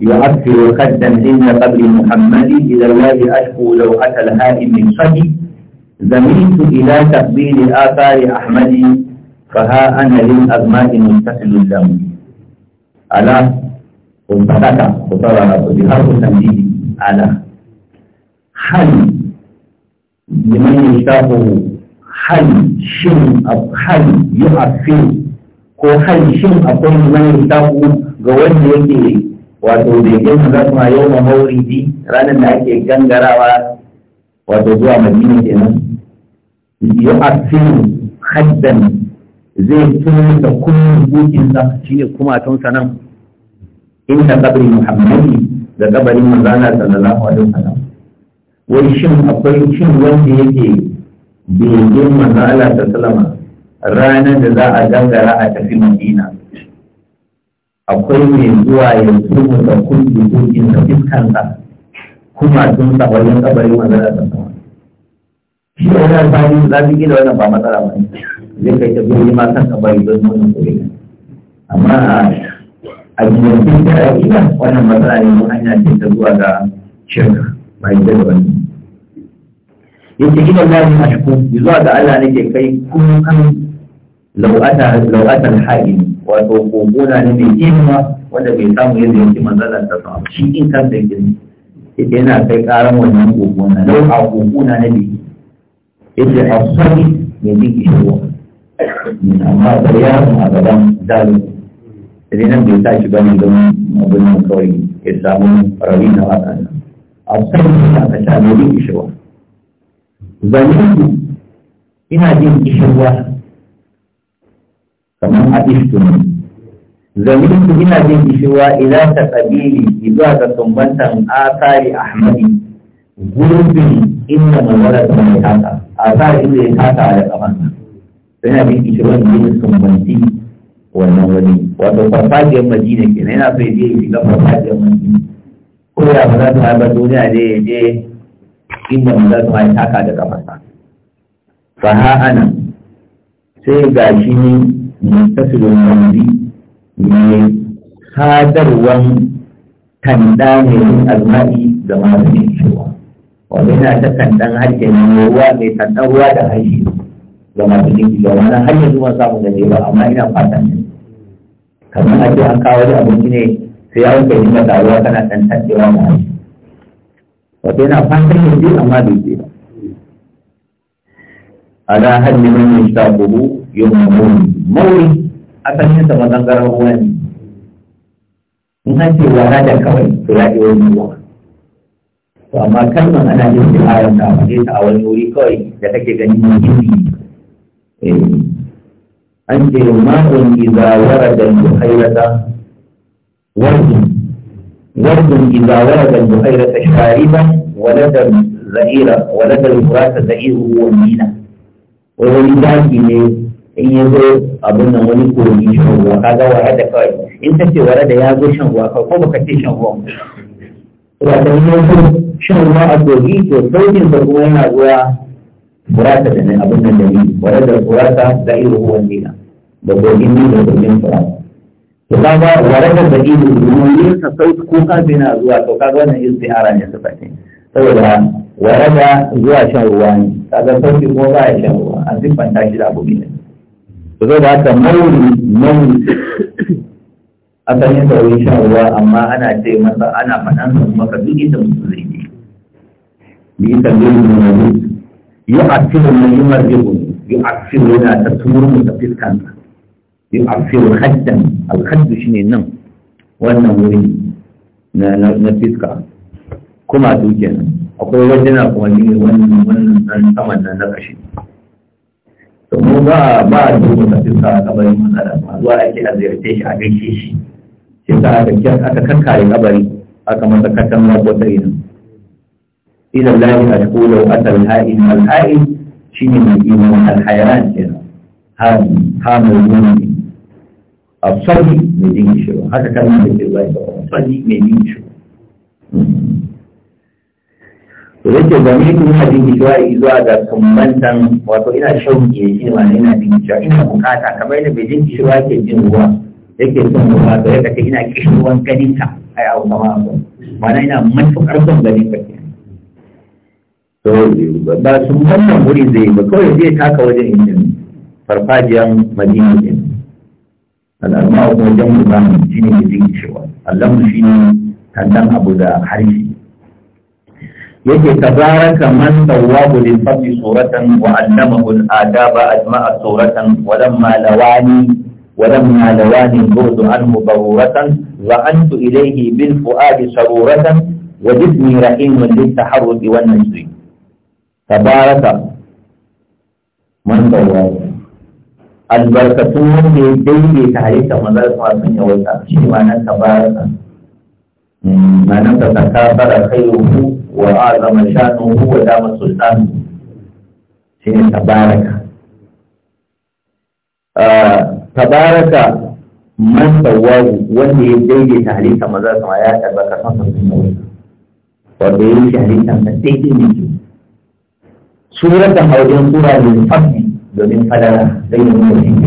يعفر خدا عند قبر محمد إلى الله أشكو لوحة الهائم من صدي زميت إلى تقبيل آثار أحمد فها أنا للأغماء متصل الدم ألا وفتك وطرر بحرف تمديد ألا حل لمن يشتاقه حل شن حل يؤثر ko hal shin akwai mai taku ga wanda wato begen su za ma yau mauridi ranar da ake gangarawa wato zuwa madina kenan yau a filin haddan zai tuni da kullum bukinsa shine kuma tun nan inda kabri muhammadi da kabarin manzana sallallahu alaihi wasallam wai shin akwai shin wanda yake begen manzana sallallahu alaihi wasallam ranar da za a gangara a tafi madina akwai mai zuwa yanzu mu da kundi dukkan da fiskansa kuma sun sa wajen kabarin manzara da sama shi ne yana sani za su gina wannan ba matsala ba ne zai kai ta biyu ma kan kabari don nuna kuri amma a jirgin da a gina wannan matsala ne mun hanya ce ta zuwa ga shirka ba yi da wani yake gina da ne a shi zuwa ga Allah nake kai kun kan لو أتى لو أتى الحائن وتوقفون لم يتم ولا بيتم يدي يتم ذلك التصاعد شيء إن كان ذكر إذن في كارم ونوقفون لو أوقفون لم يتم إذا أصلي من ذيك شو من أمر بيان هذا دم ذلك إذن بيتاج بني دم مبنى كوي إسلام رأينا وطن أصلي من أشياء من ذيك شو ذلك إن هذه شو kamar a ishtuni zamin ku ina jin cewa ila ta kabili zuwa ga sumbantan asari ahmadi gurbin inda manzara ta mai haka asari inda ya taka da kafansa yana jin ne jin sumbanti wannan wani wato farfajiyar madina kenan yana so ya je ya shiga farfajiyar madina ko ya ba za ta haifar duniya ne ya je inda maza ta haifa taka da kafarsa fa ha'ana sai ga shi ne muntasilul mawdi mai hadarwan kanda yin alma'i da masu cewa wani na ta kandan harshe ne ruwa mai kandan ruwa da harshe ga masu yin da wani har yanzu ban samu gaje ba amma ina fatan ne kamar a ce an kawo da abinci ne sai ya wuce yin mata ruwa kana tattewa da harshe wata yana fatan yanzu amma bai je ba ala haddi man yashtabuhu yawmun mauli asalin sa mazangaran ruwa ne in an ce wa na da kawai to ya ji wani ruwa to amma kalman ana yin istiharar ta faɗe ta a wani wuri kawai da take gani mai gini an ce ma'un iza warada al-buhairata wardun وردٌ da ولد البحيرة شاربا ولد الزئير ولد الفرات زئيره ومينا wani daji ne in ya zo abin nan wani kogi shan ruwa ka ga wara da kawai in ta ce wara da ya zo shan ruwa kawai ko baka ce shan ruwa wata ne ko shan ruwa a kogi to saukin da kuma yana zuwa burata da nan abin nan da ni wara da burata da irin ruwan dina da kogin ni da kogin burata to ka ga wara da da irin ruwan ne ka sauki ko ka bina zuwa to ka ga wannan istihara ne ta fate saboda warada zuwa shan ruwa ne kaga sauki ko ba ya shan ruwa an siffanta shi da abu ne to zai da haka mauri mauri asalin da shan ruwa amma ana ce masa ana faɗan sa kuma ka duk inda mutum zai yi bi ita mu ne ne yi aksiru na yi marjibu yi aksiru yana ta tumur mu ta fiskanta yi aksiru haddan shi shine nan wannan wuri na fiska kuma dukiya nan. akwai wajena kuma ne wannan wannan dan saman nan na kashi to mu ba ba a duba ta fita kabarin da ba zuwa ake a ziyarce shi a gaishe shi sai ta aka aka kankare kabari aka masa katangar wata idan ila lahi a lau asal ha'in al-ha'in shi ne mai iman al-hayaran kenan hamil mulki a sani mai jin shi haka kan da ke bai ba sani mai jin shi yake game ku ina dingicewa zuwa ga sumbantan wato ina shauki ya ce wani ina dingicewa ina bukata kamar yadda bai dingicewa ke jin ruwa yake son ruwa to ya kace ina kishin ruwan ganinka ai a wata ma'a mana ina matuƙar son ganin ke to ba wannan wuri zai ba kawai zai taka wajen injin farfajiyan madina din al'amma wajen mu zamu shine dingicewa Allah mu shine tantan abu da harshe yake tabaraka man sawwabu lil fadli suratan wa allamahu al adaba ajma'a suratan wa lamma lawani ولما لواني البرد عنه ضرورة ظعنت إليه بالفؤاد سرورة وجسمي رحيم للتحرك والنسي تبارك من ضرورة albarkatun wanda ya daidaita halitta mazar kuma sun yawaita shi ma nan tabaraka ma nan ta saka bara kai ruhu wa azama shanuhu wa dama sultan shi ne tabaraka ah, tabaraka man sawahu wanda ya daidaita halitta maza sama ya tabbata san san sun wanda ya yi halitta ta daidai ne ke surar da haurin sura ne fasli domin fadara zai yi mutum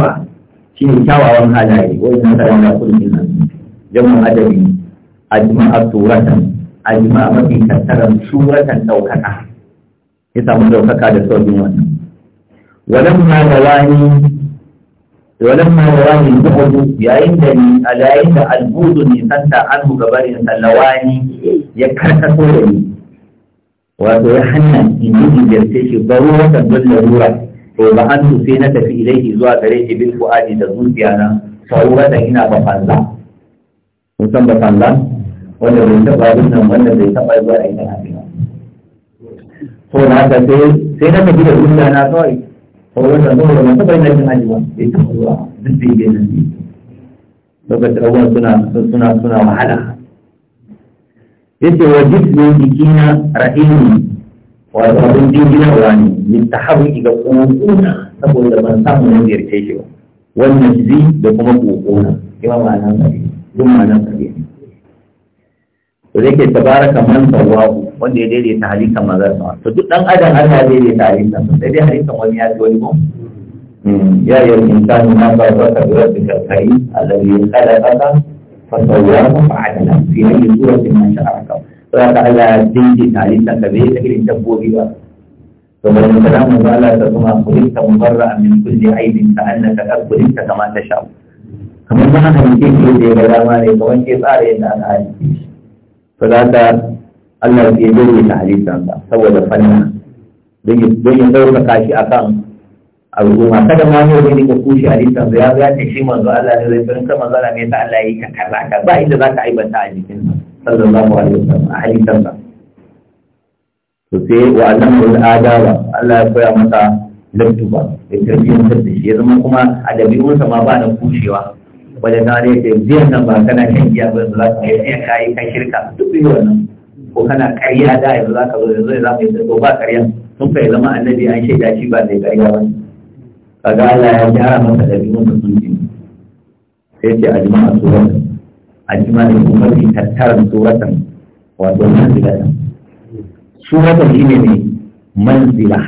wa ya shi ne kyawawan halaye wani na da kudin nan jama'an adabi ajma'a A jima'a mafi tattaran suratan ɗaukaka ya samu ɗaukaka da sauƙin wannan Yayin da wani ولما يراني البعد يعندني على عند البعد نسنت عنه قبل سلواني يكرك سوري ويحنى إنه جرسيش ضرورة بالضرورة to ba an sai na tafi ilaihi zuwa gare shi bil fu'adi da zuciya na saurata ina ba fanza mun san ba fanza wanda bai taba nan wanda bai taba zuwa a ina ba to na ta sai sai na tafi da zuciya na kawai ko wanda zuwa da taba ina jin ajiwa bai taba zuwa duk da yake nan lokacin abubuwan suna suna suna wahala yace wa jismi jikina rahimi wato abin ruwa ne hau ga ƙoƙona saboda ban samu na ziyarce shi ba wannan zi da kuma ƙoƙona yawa nan sabi duk ma nan ne to zai ke tabara kamar sawahu wanda ya daidaita halitta maza sama to duk dan adam Allah ya daidaita halittar sai dai halitta wani ya fi wani ba hmm, ya yi insani na ba ba ka biyar da karkari a zaliyar kada kasa fasauwa ba fa'adala fi hanyar zuwa cikin a kawai sai ka Allah ya dinki tare da ka bai da irin dabbobi ba to bayan salamu ga Allah ta kuma kulinta mubarra min kulli aibin ta annaka qad kulinta kama ta sha'u kamar ma haka ne ke da ya dama ne kamar wanke tsara yadda aka halitta shi to da ka Allah ya dinki ta halittansa saboda fanna don ya ɗaukaka kashi akan al'umma kada ma ne wani ka kushi a littan ya ya ce shi manzo Allah ne zai rinka manzo Allah ne ta Allah yi ka kaza ka ba inda za zaka aibanta a jikin sallallahu alaihi wasallam a hadisan ba to sai wa annam al-adaba Allah ya koya masa lantuba da tarbiyyar da shi ya zama kuma a dabi'unsa ma ba da kushewa wajen na ne da biyan nan ba kana shan giya ba za ka yi ka yi ka shirka duk yi wannan ko kana karya da yanzu za ka zo yanzu za ka yi zato ba karya sun fa zama annabi an shaida shi ba zai karya ba kaga Allah ya gyara masa da sun ji sai ce a jima'a su wannan a ma da kuma fi tattarin suratan wato manzilatan suratan shi ne ne manzila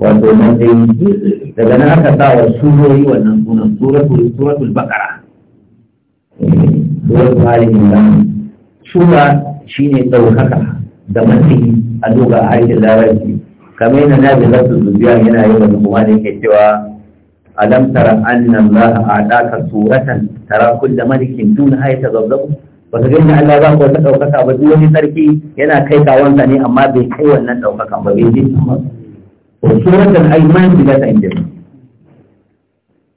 wato matsayi daga nan aka sa wa surori wannan sunan suratul suratul baqara suratul eh, ali imran sura shine daukaka da matsayi a doga harshen larabci kamar yana nabi zasu zubiya yana yi wani kuma ne ke cewa alam tara anna Allah a'taka suratan tara kullu malikin dun hayata zabzabu ga gani Allah za ku wata ɗaukaka ba duk wani sarki yana kai kawansa ne amma bai kai wannan ɗaukaka ba bai ji ko suratan ayman bi ta inda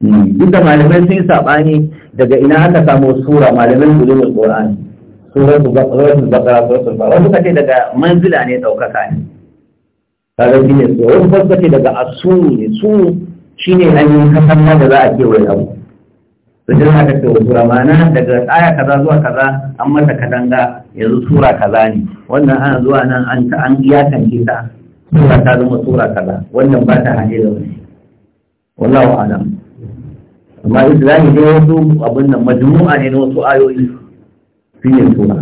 hmm, duk da malamai sun yi saɓani daga ina aka samu sura malamin su zuwa qur'ani suratul baqara suratul baqara suratul baqara wanda kace daga manzila ne ɗaukaka ne kaga shi ne so wanda kace daga asuru ne su shi ne kasar kasan da za a kewaye abu da jin haka ce sura mana daga tsaya kaza zuwa kaza an mata kadanga yanzu sura kaza ne wannan ana zuwa nan an ta an kan ta sura ta zama sura kaza wannan ba ta haɗe da wani wallahu alam amma islami dai wasu abin nan majmu'a ne na wasu ayoyi shi ne sura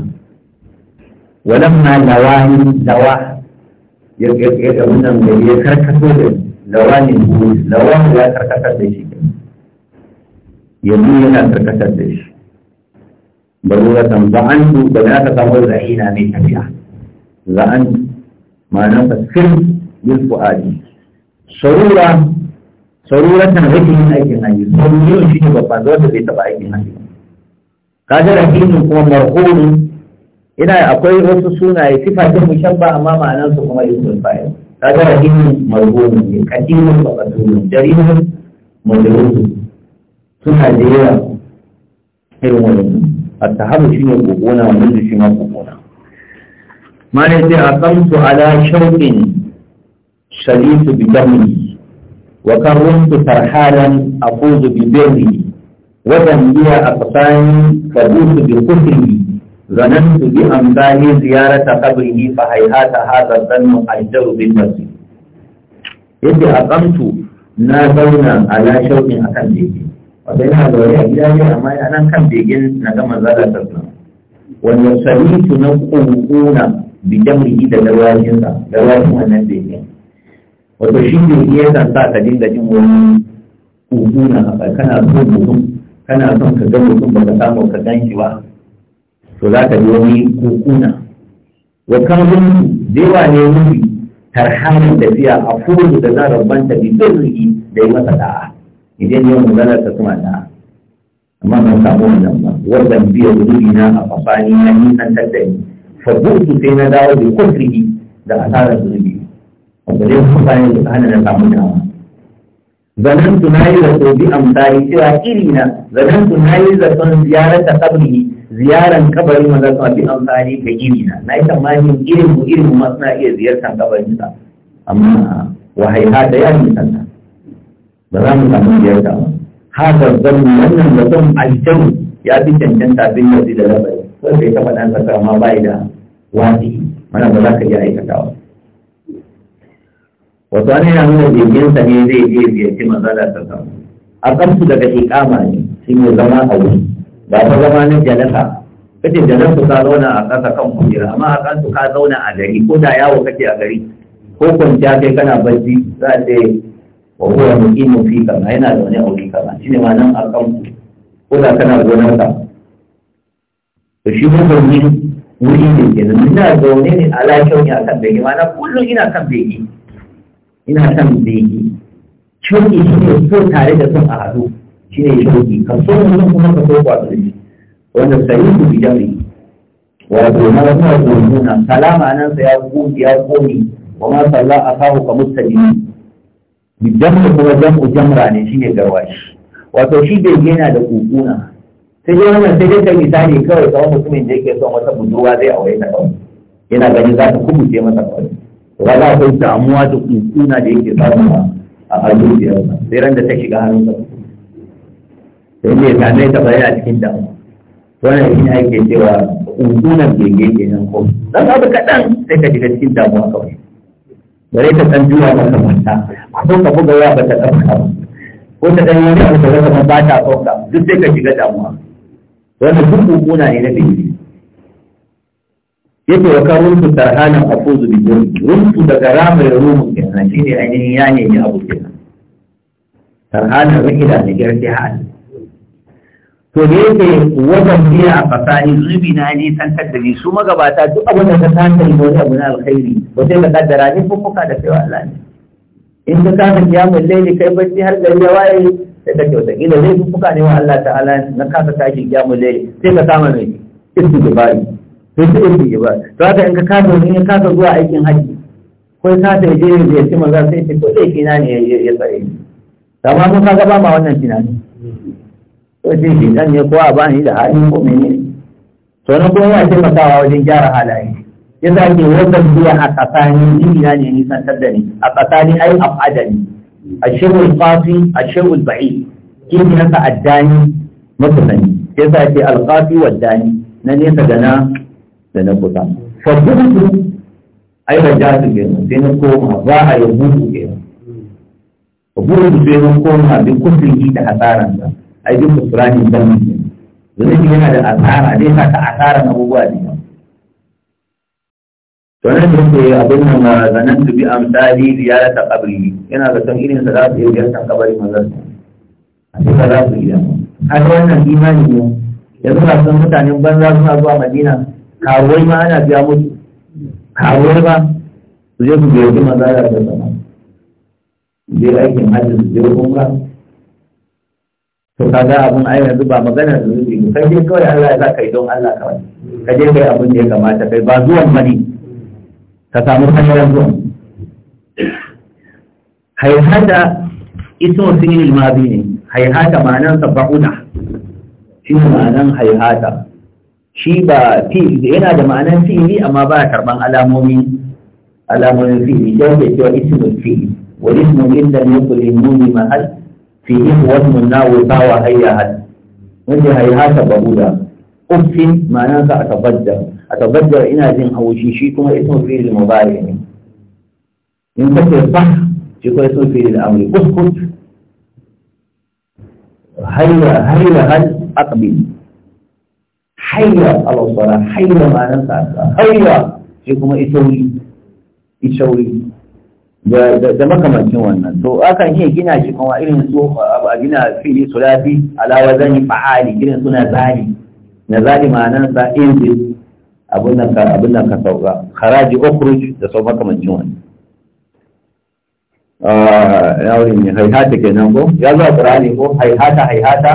walamma dawa ya ya ya wannan gari ya karkato da lawani lawani ya karkatar da shi yanzu yana karkatar da shi ba baruratan za'antu da za ka samu za'ina mai tafiya za'an ma'anar fasfir yin fu'adi sarura tana rashin yin aikin hanyar sarurin shi ne babban zuwa da zai taɓa aikin hanyar ka ga rahimin kuma marhumin ina akwai wasu sunaye sifatin musamman amma ma'anarsu kuma yin sulfayin kaga radimin marhumin ne kadimin makasumin jarimin majalun suna da yawa irin wani a haɗu shi ne kokona wannan da shi ma kokona mana sai a kamsu ala shauƙin shalisu bi dami wa karruntu tarhalan aqudu bi birri wa dambiya aqsani fabutu bi kufri Zanen bi ظننت بأمثال زيارة قبره فهيهات هذا الظن أجدر بالنفس yadda a kamtu na zauna a lashauƙin a kan bege wata yana zaune a gida ne amma yana kan begen na gama zara sassan wanda salitu na ƙunƙuna bijamrihi da garwajinsa garwajin wannan begen wato shi bege yakan sa ka dinga jin wani ƙunƙuna a kana son kana son ka ga mutum ba ka samu ka gan shi ba to za ka ji wani kukuna wa kamzun dewa ne wuri tarhanin tafiya a furu da na rabanta bi birri da yi masa da'a idan yau maganar ta kuma da'a amma ban samu wannan ba wannan biya wuri na a fafani na nisan tattali fabutu sai na dawo da kufri da asarar zunubi wanda zai fafani da ta hana na samu dama zanantu na yi zato bi amsari cewa iri na zanantu na yi zaton ziyarar ta kabrihi ziyaran kabarin manzon sama bi amfani ga iri na na yi tsammanin irin mu irin ma suna iya ziyartar kabarin sa amma wahaiha da ya nisanta ba za mu samu ziyarta ba haka zan wannan da zan aljan ya fi cancanta bin da da labari sai bai taɓa ɗan kama ma ba da wani mana ba za ka iya aikatawa wato wani yana nuna sa ne zai je ziyarci manzon da sassa a kamsu daga ikama ne shi ne zama a wuri ba ta zama na jalasa kace jalasu ka zauna a ƙasa kan kujera amma a kansu ka zauna a gari ko da yawo kake a gari ko kwanciya kai kana barci za a ce wa huwa muqimu fi kama yana zaune a wuri kama shine ma nan a kan ko da kana gonar ka to shi ne zaune wuri ne nan ina zaune ne a lafiyar ne kan bege ma na kullum ina kan bege ina kan bege shauƙi shi ne so tare da son a haɗu shi ne shauki kaso wannan kuma kaso kwatanci wanda sayi su bi jami wato na kuma gomuna salama nan sa ya gomi ya gomi wa ma salla a kawo ka mustajimi bi jam'u kuma jam'u jamra ne shi ne garwashi wato shi bai yana da kukuna sai dai wannan sai dai ta misali kawai kawai mutumin da yake son wata budurwa zai aure ta kawai yana ganin za ta kubuce masa kawai ba za akwai damuwa da kukuna da yake samu a zuciyarsa sai ran da ta shiga hannunsa sai ne same ka ta a cikin damuwa wannan shi ne ake cewa ungunan gege nan ko dan abu kaɗan sai ka shiga cikin damuwa kawai bare ka san juwa ka manta ko ka buga ya ba ta kamanta ko ta dan yi abu da kamar ba ta kauka duk sai ka shiga damuwa wannan duk hukuna ne na gege yake wa karun su tarhanan afuzu bi da rumtu daga ramar rumun shi ne ainihin ya ne abu kenan tarhanan rikida ne garfi ha'ali to da yake wajen biya a fasani zubi na ne santar da ni su magabata duk abin da ka kanta ni wani abu na alkhairi ba sai ka kaddara ne ko kuka da kai wa Allah ne in ka kasa kiyamun laili kai bacci har gari ya waye sai ka kyauta ina zai fi kuka ne wa Allah ta'ala na kasa tashi kiyamun laili sai ka kama mai istighfari to sai istighfari to haka in ka kasa ne ka kasa zuwa aikin haji ko ka ta je ya ce maza sai ka to sai kina ne ya tsare ni amma mun kaga ba ma wannan tunani to jin shekan ne kowa ba ni da halin ko mene to na kuma yana taimakawa wajen gyara halaye ya za ke wata zuwa a tsakanin jina ne nisan da ne. a tsakani ai abadani a shirul fafi a shirul ba'i kini nasa addani masani ya za ke alfafi wa dani na nesa da na da na kusa fagudu ai rajasu kenan sai na koma ba a yi gudu kenan gudu sai na koma bin kufin da hasaransa ai duk kusurani dan mutum zunubi yana da asara zai sa ta asara na abubuwa ne to nan da ke abin nan ma ah, zanen dubi amsali ziyarar ta kabri yana da san irin da za su yi ziyartar kabari mazar a cikin za su yi har wannan imani ne yanzu ba san mutanen banza suna zuwa madina kawai ma ana biya mutu kawai ba su je su biya maza da sama je aikin hajji su je kuma to ga abin ai yanzu ba magana zunubi ne kai dai kawai Allah ya sa kai don Allah kawai ka je kai abin da ya kamata kai ba zuwan bane ka samu hanyar zuwan haihata ismu sinil madi ne haihata ma'anar sabahuna shi ma'anan haihata shi ba fi yana da ma'anan fi'ili amma ba karban alamomi alamomin fi'ili don da cewa ismu fi'ili wal ismu inda ne kulli muni mahal فيهم وزن الناو ساوى هيا هد وجه هيا هاتا بابودا أف معناك أتبدر أتبدر إنا زين أو شيشيكم اسم فيه المبارئ من كثير صح شكو اسم فيه الأمر أسكت هيا هيا هد أقبل حيا الله صلاة حيا معناك أتبدر هيا شكو ما اسم فيه da makamancin wannan to akan iya gina shi kuma irin su a gina fili sulafi alawa zani fa'ali irin suna zali na zali ma'anar sa injil abin nan ka abin nan ka sauka haraji ukhruj da sau makamancin wannan ah ya wuri ne haihata ke nan ko ya zuwa turani ko haihata haihata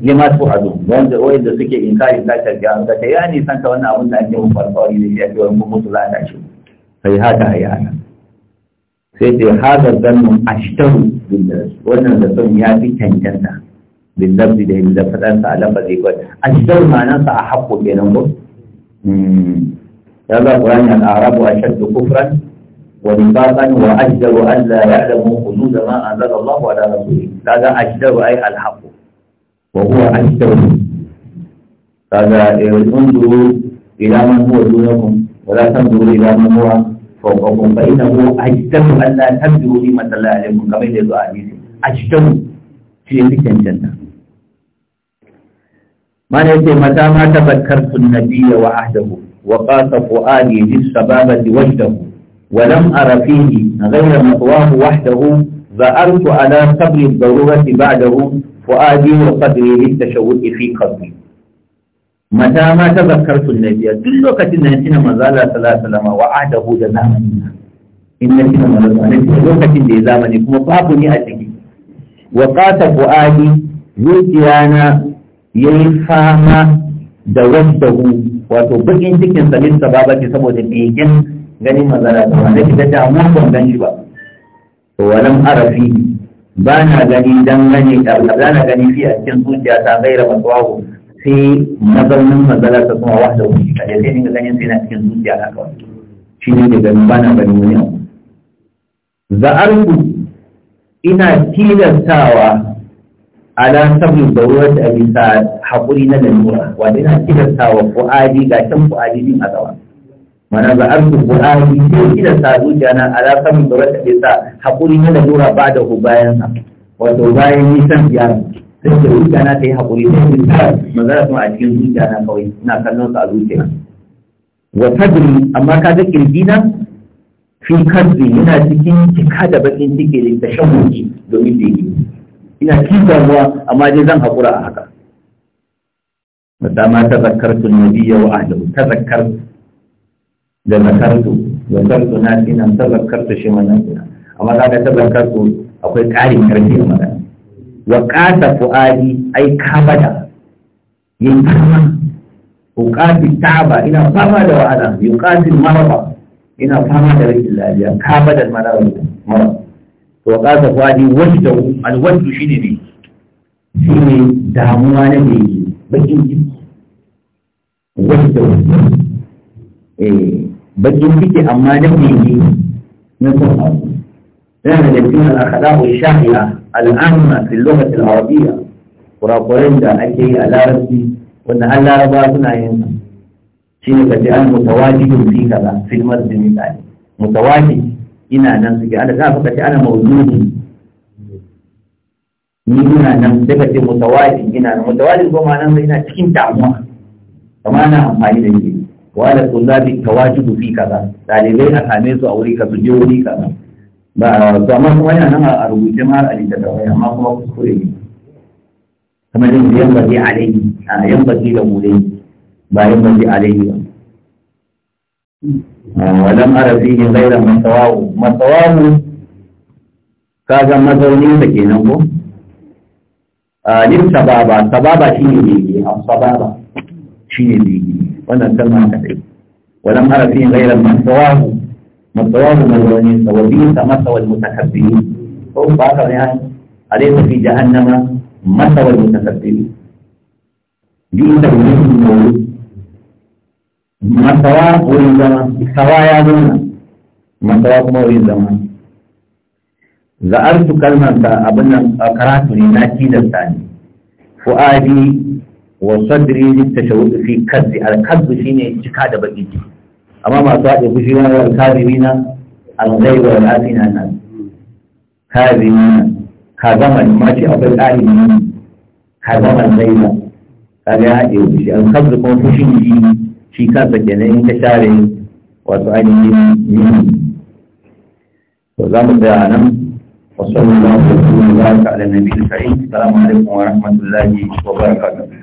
masu hadu. wanda wanda suke inkari ta tarjiya ga ta yani santa wannan abin da ake mu farfari da shi ake wani mutu za ta ce haihata haihata sai ce hada zannin ashtaru wannan zaton ya fi cancanta bin labdi da yin zafaɗansa a lamba zai lafazi kawai ashtaru ma'anansa a haƙo ke nan ko ya za ku ranar a al'arabu a shaddu kufran wa nifaqan wa an ajdaru an la ya'lamu hudud ma anzala Allahu dara su kaga ajdaru ay al-haqq wa kuma huwa ajdaru kaga yanzuru ila man huwa dunakum wa la tanzuru ila man huwa fawqakum fa innahu ajdamu an la tabdu li ma talla alim kamar da zuwa hadisi ajdamu shi ne cikin janna mana yake mata ma tabakkar sunnabiyya wa ahdahu wa qasa fuadi bi sababati wajdahu wa lam ara fihi ghayra maqwahu wahdahu za'artu ala sabri ad-darurati ba'dahu fuadi wa ta li at-tashawwu fi qalbi mata ma ta zakar sunnabiya duk lokacin da na tuna manzo Allah sallallahu alaihi wasallam wa adahu da zamani in na tuna manzo Allah ne lokacin da ya zamani kuma babu ni a ciki wa qata fuadi zuciyana yayi fama da waddahu wato bakin cikin salin sababati saboda begen ganin manzala ta wanda ta da mun ban gani ba to walam arafi ba na gani dan gani ba na gani fi a cikin zuciya ta gaira masuwahu sai mazaunin mazala ta kuma wahda wani kaɗai sai dinga ganin sai na cikin zuciya na kawai shi ne daga ba na bari wani abu za'arku ina tilastawa ala sabri darurat a bisa haƙuri na lalura wanda ina tilastawa fu'adi ga can fu'adi din a gaba mana ba ku aji sai kida sa zuciya na alaƙar da wata bisa haƙuri na lalura ba da ku bayan sa wato bayan nisan biyar? sai da zuciya na ta yi haƙuri sai in ta manzara kuma a cikin zuciya na kawai ina kallon su a zuciya wa sadri amma ka ga na, fi kadri yana cikin cika da bakin ciki da tashawuki domin da yi ina cikin ruwa amma dai zan haƙura a haka dama ta zakartu nabiyya wa ahlahu ta zakartu da zakartu zakartu na ina ta zakartu shi wannan amma kaga ta zakartu akwai ƙarin ƙarfi a magana wa ƙasa fu'adi ai kamata yin kama buƙatin taba ina fama da wahala buƙatin maraba ina fama da rashin lafiya kama da maraba to ƙasa fu'adi wajda alwajdu shine ne shine damuwa na me bakin ciki wajda eh, bakin ciki amma na me ne na son abu yana da cikin al'akhlaqu shahiya al'amma fi lokacin arabiya kurakuren da ake yi a larabci wanda har laraba suna yin shi ne kace an mutawajibin fi kaza fil masjid misali mutawajib ina nan suke za ka ce ana mawduhi ni ina nan sai ka ce ina nan mutawajib ko ma nan ina cikin damuwa kamar ana amfani da shi wa ala fi same su a wuri kaza wuri ba to amma kuma yana nan a rubuce ma a littattafai amma kuma kuskure ne kamar yin yan bazi alaihi a yan bazi da mulai ba yan bazi alaihi ba walam ara fihi ghayra masawahu Ka kaga mazaunin da kenan ko lim sababa sababa shine bege am sababa ne bege wannan kalma kadai walam ara fihi ghayra masawahu مسواه من وبئس مثوى المتكبرين فهو باطل يعني أليس في جهنم مثوى المتكبرين بئس المثل المولود مسواه وين زمان سوا يا دون مسواه كما وين زمان za'artu kalmata abin nan karatu ne na tilasta ne fu'adi wa sadri littashawwud fi أمام أصحاب يقول لنا الكاذبين الغيب والآثين أن كاذبين هذا ما يماشي أبو الآلمين هذا ما الغيب قال يا إيوش الخبر كون في شنجي في كاسة جنين يعني، كشاري وسؤال جنين وزام الدعانم وصلى الله وسلم وبارك على النبي الكريم السلام عليكم ورحمة الله وبركاته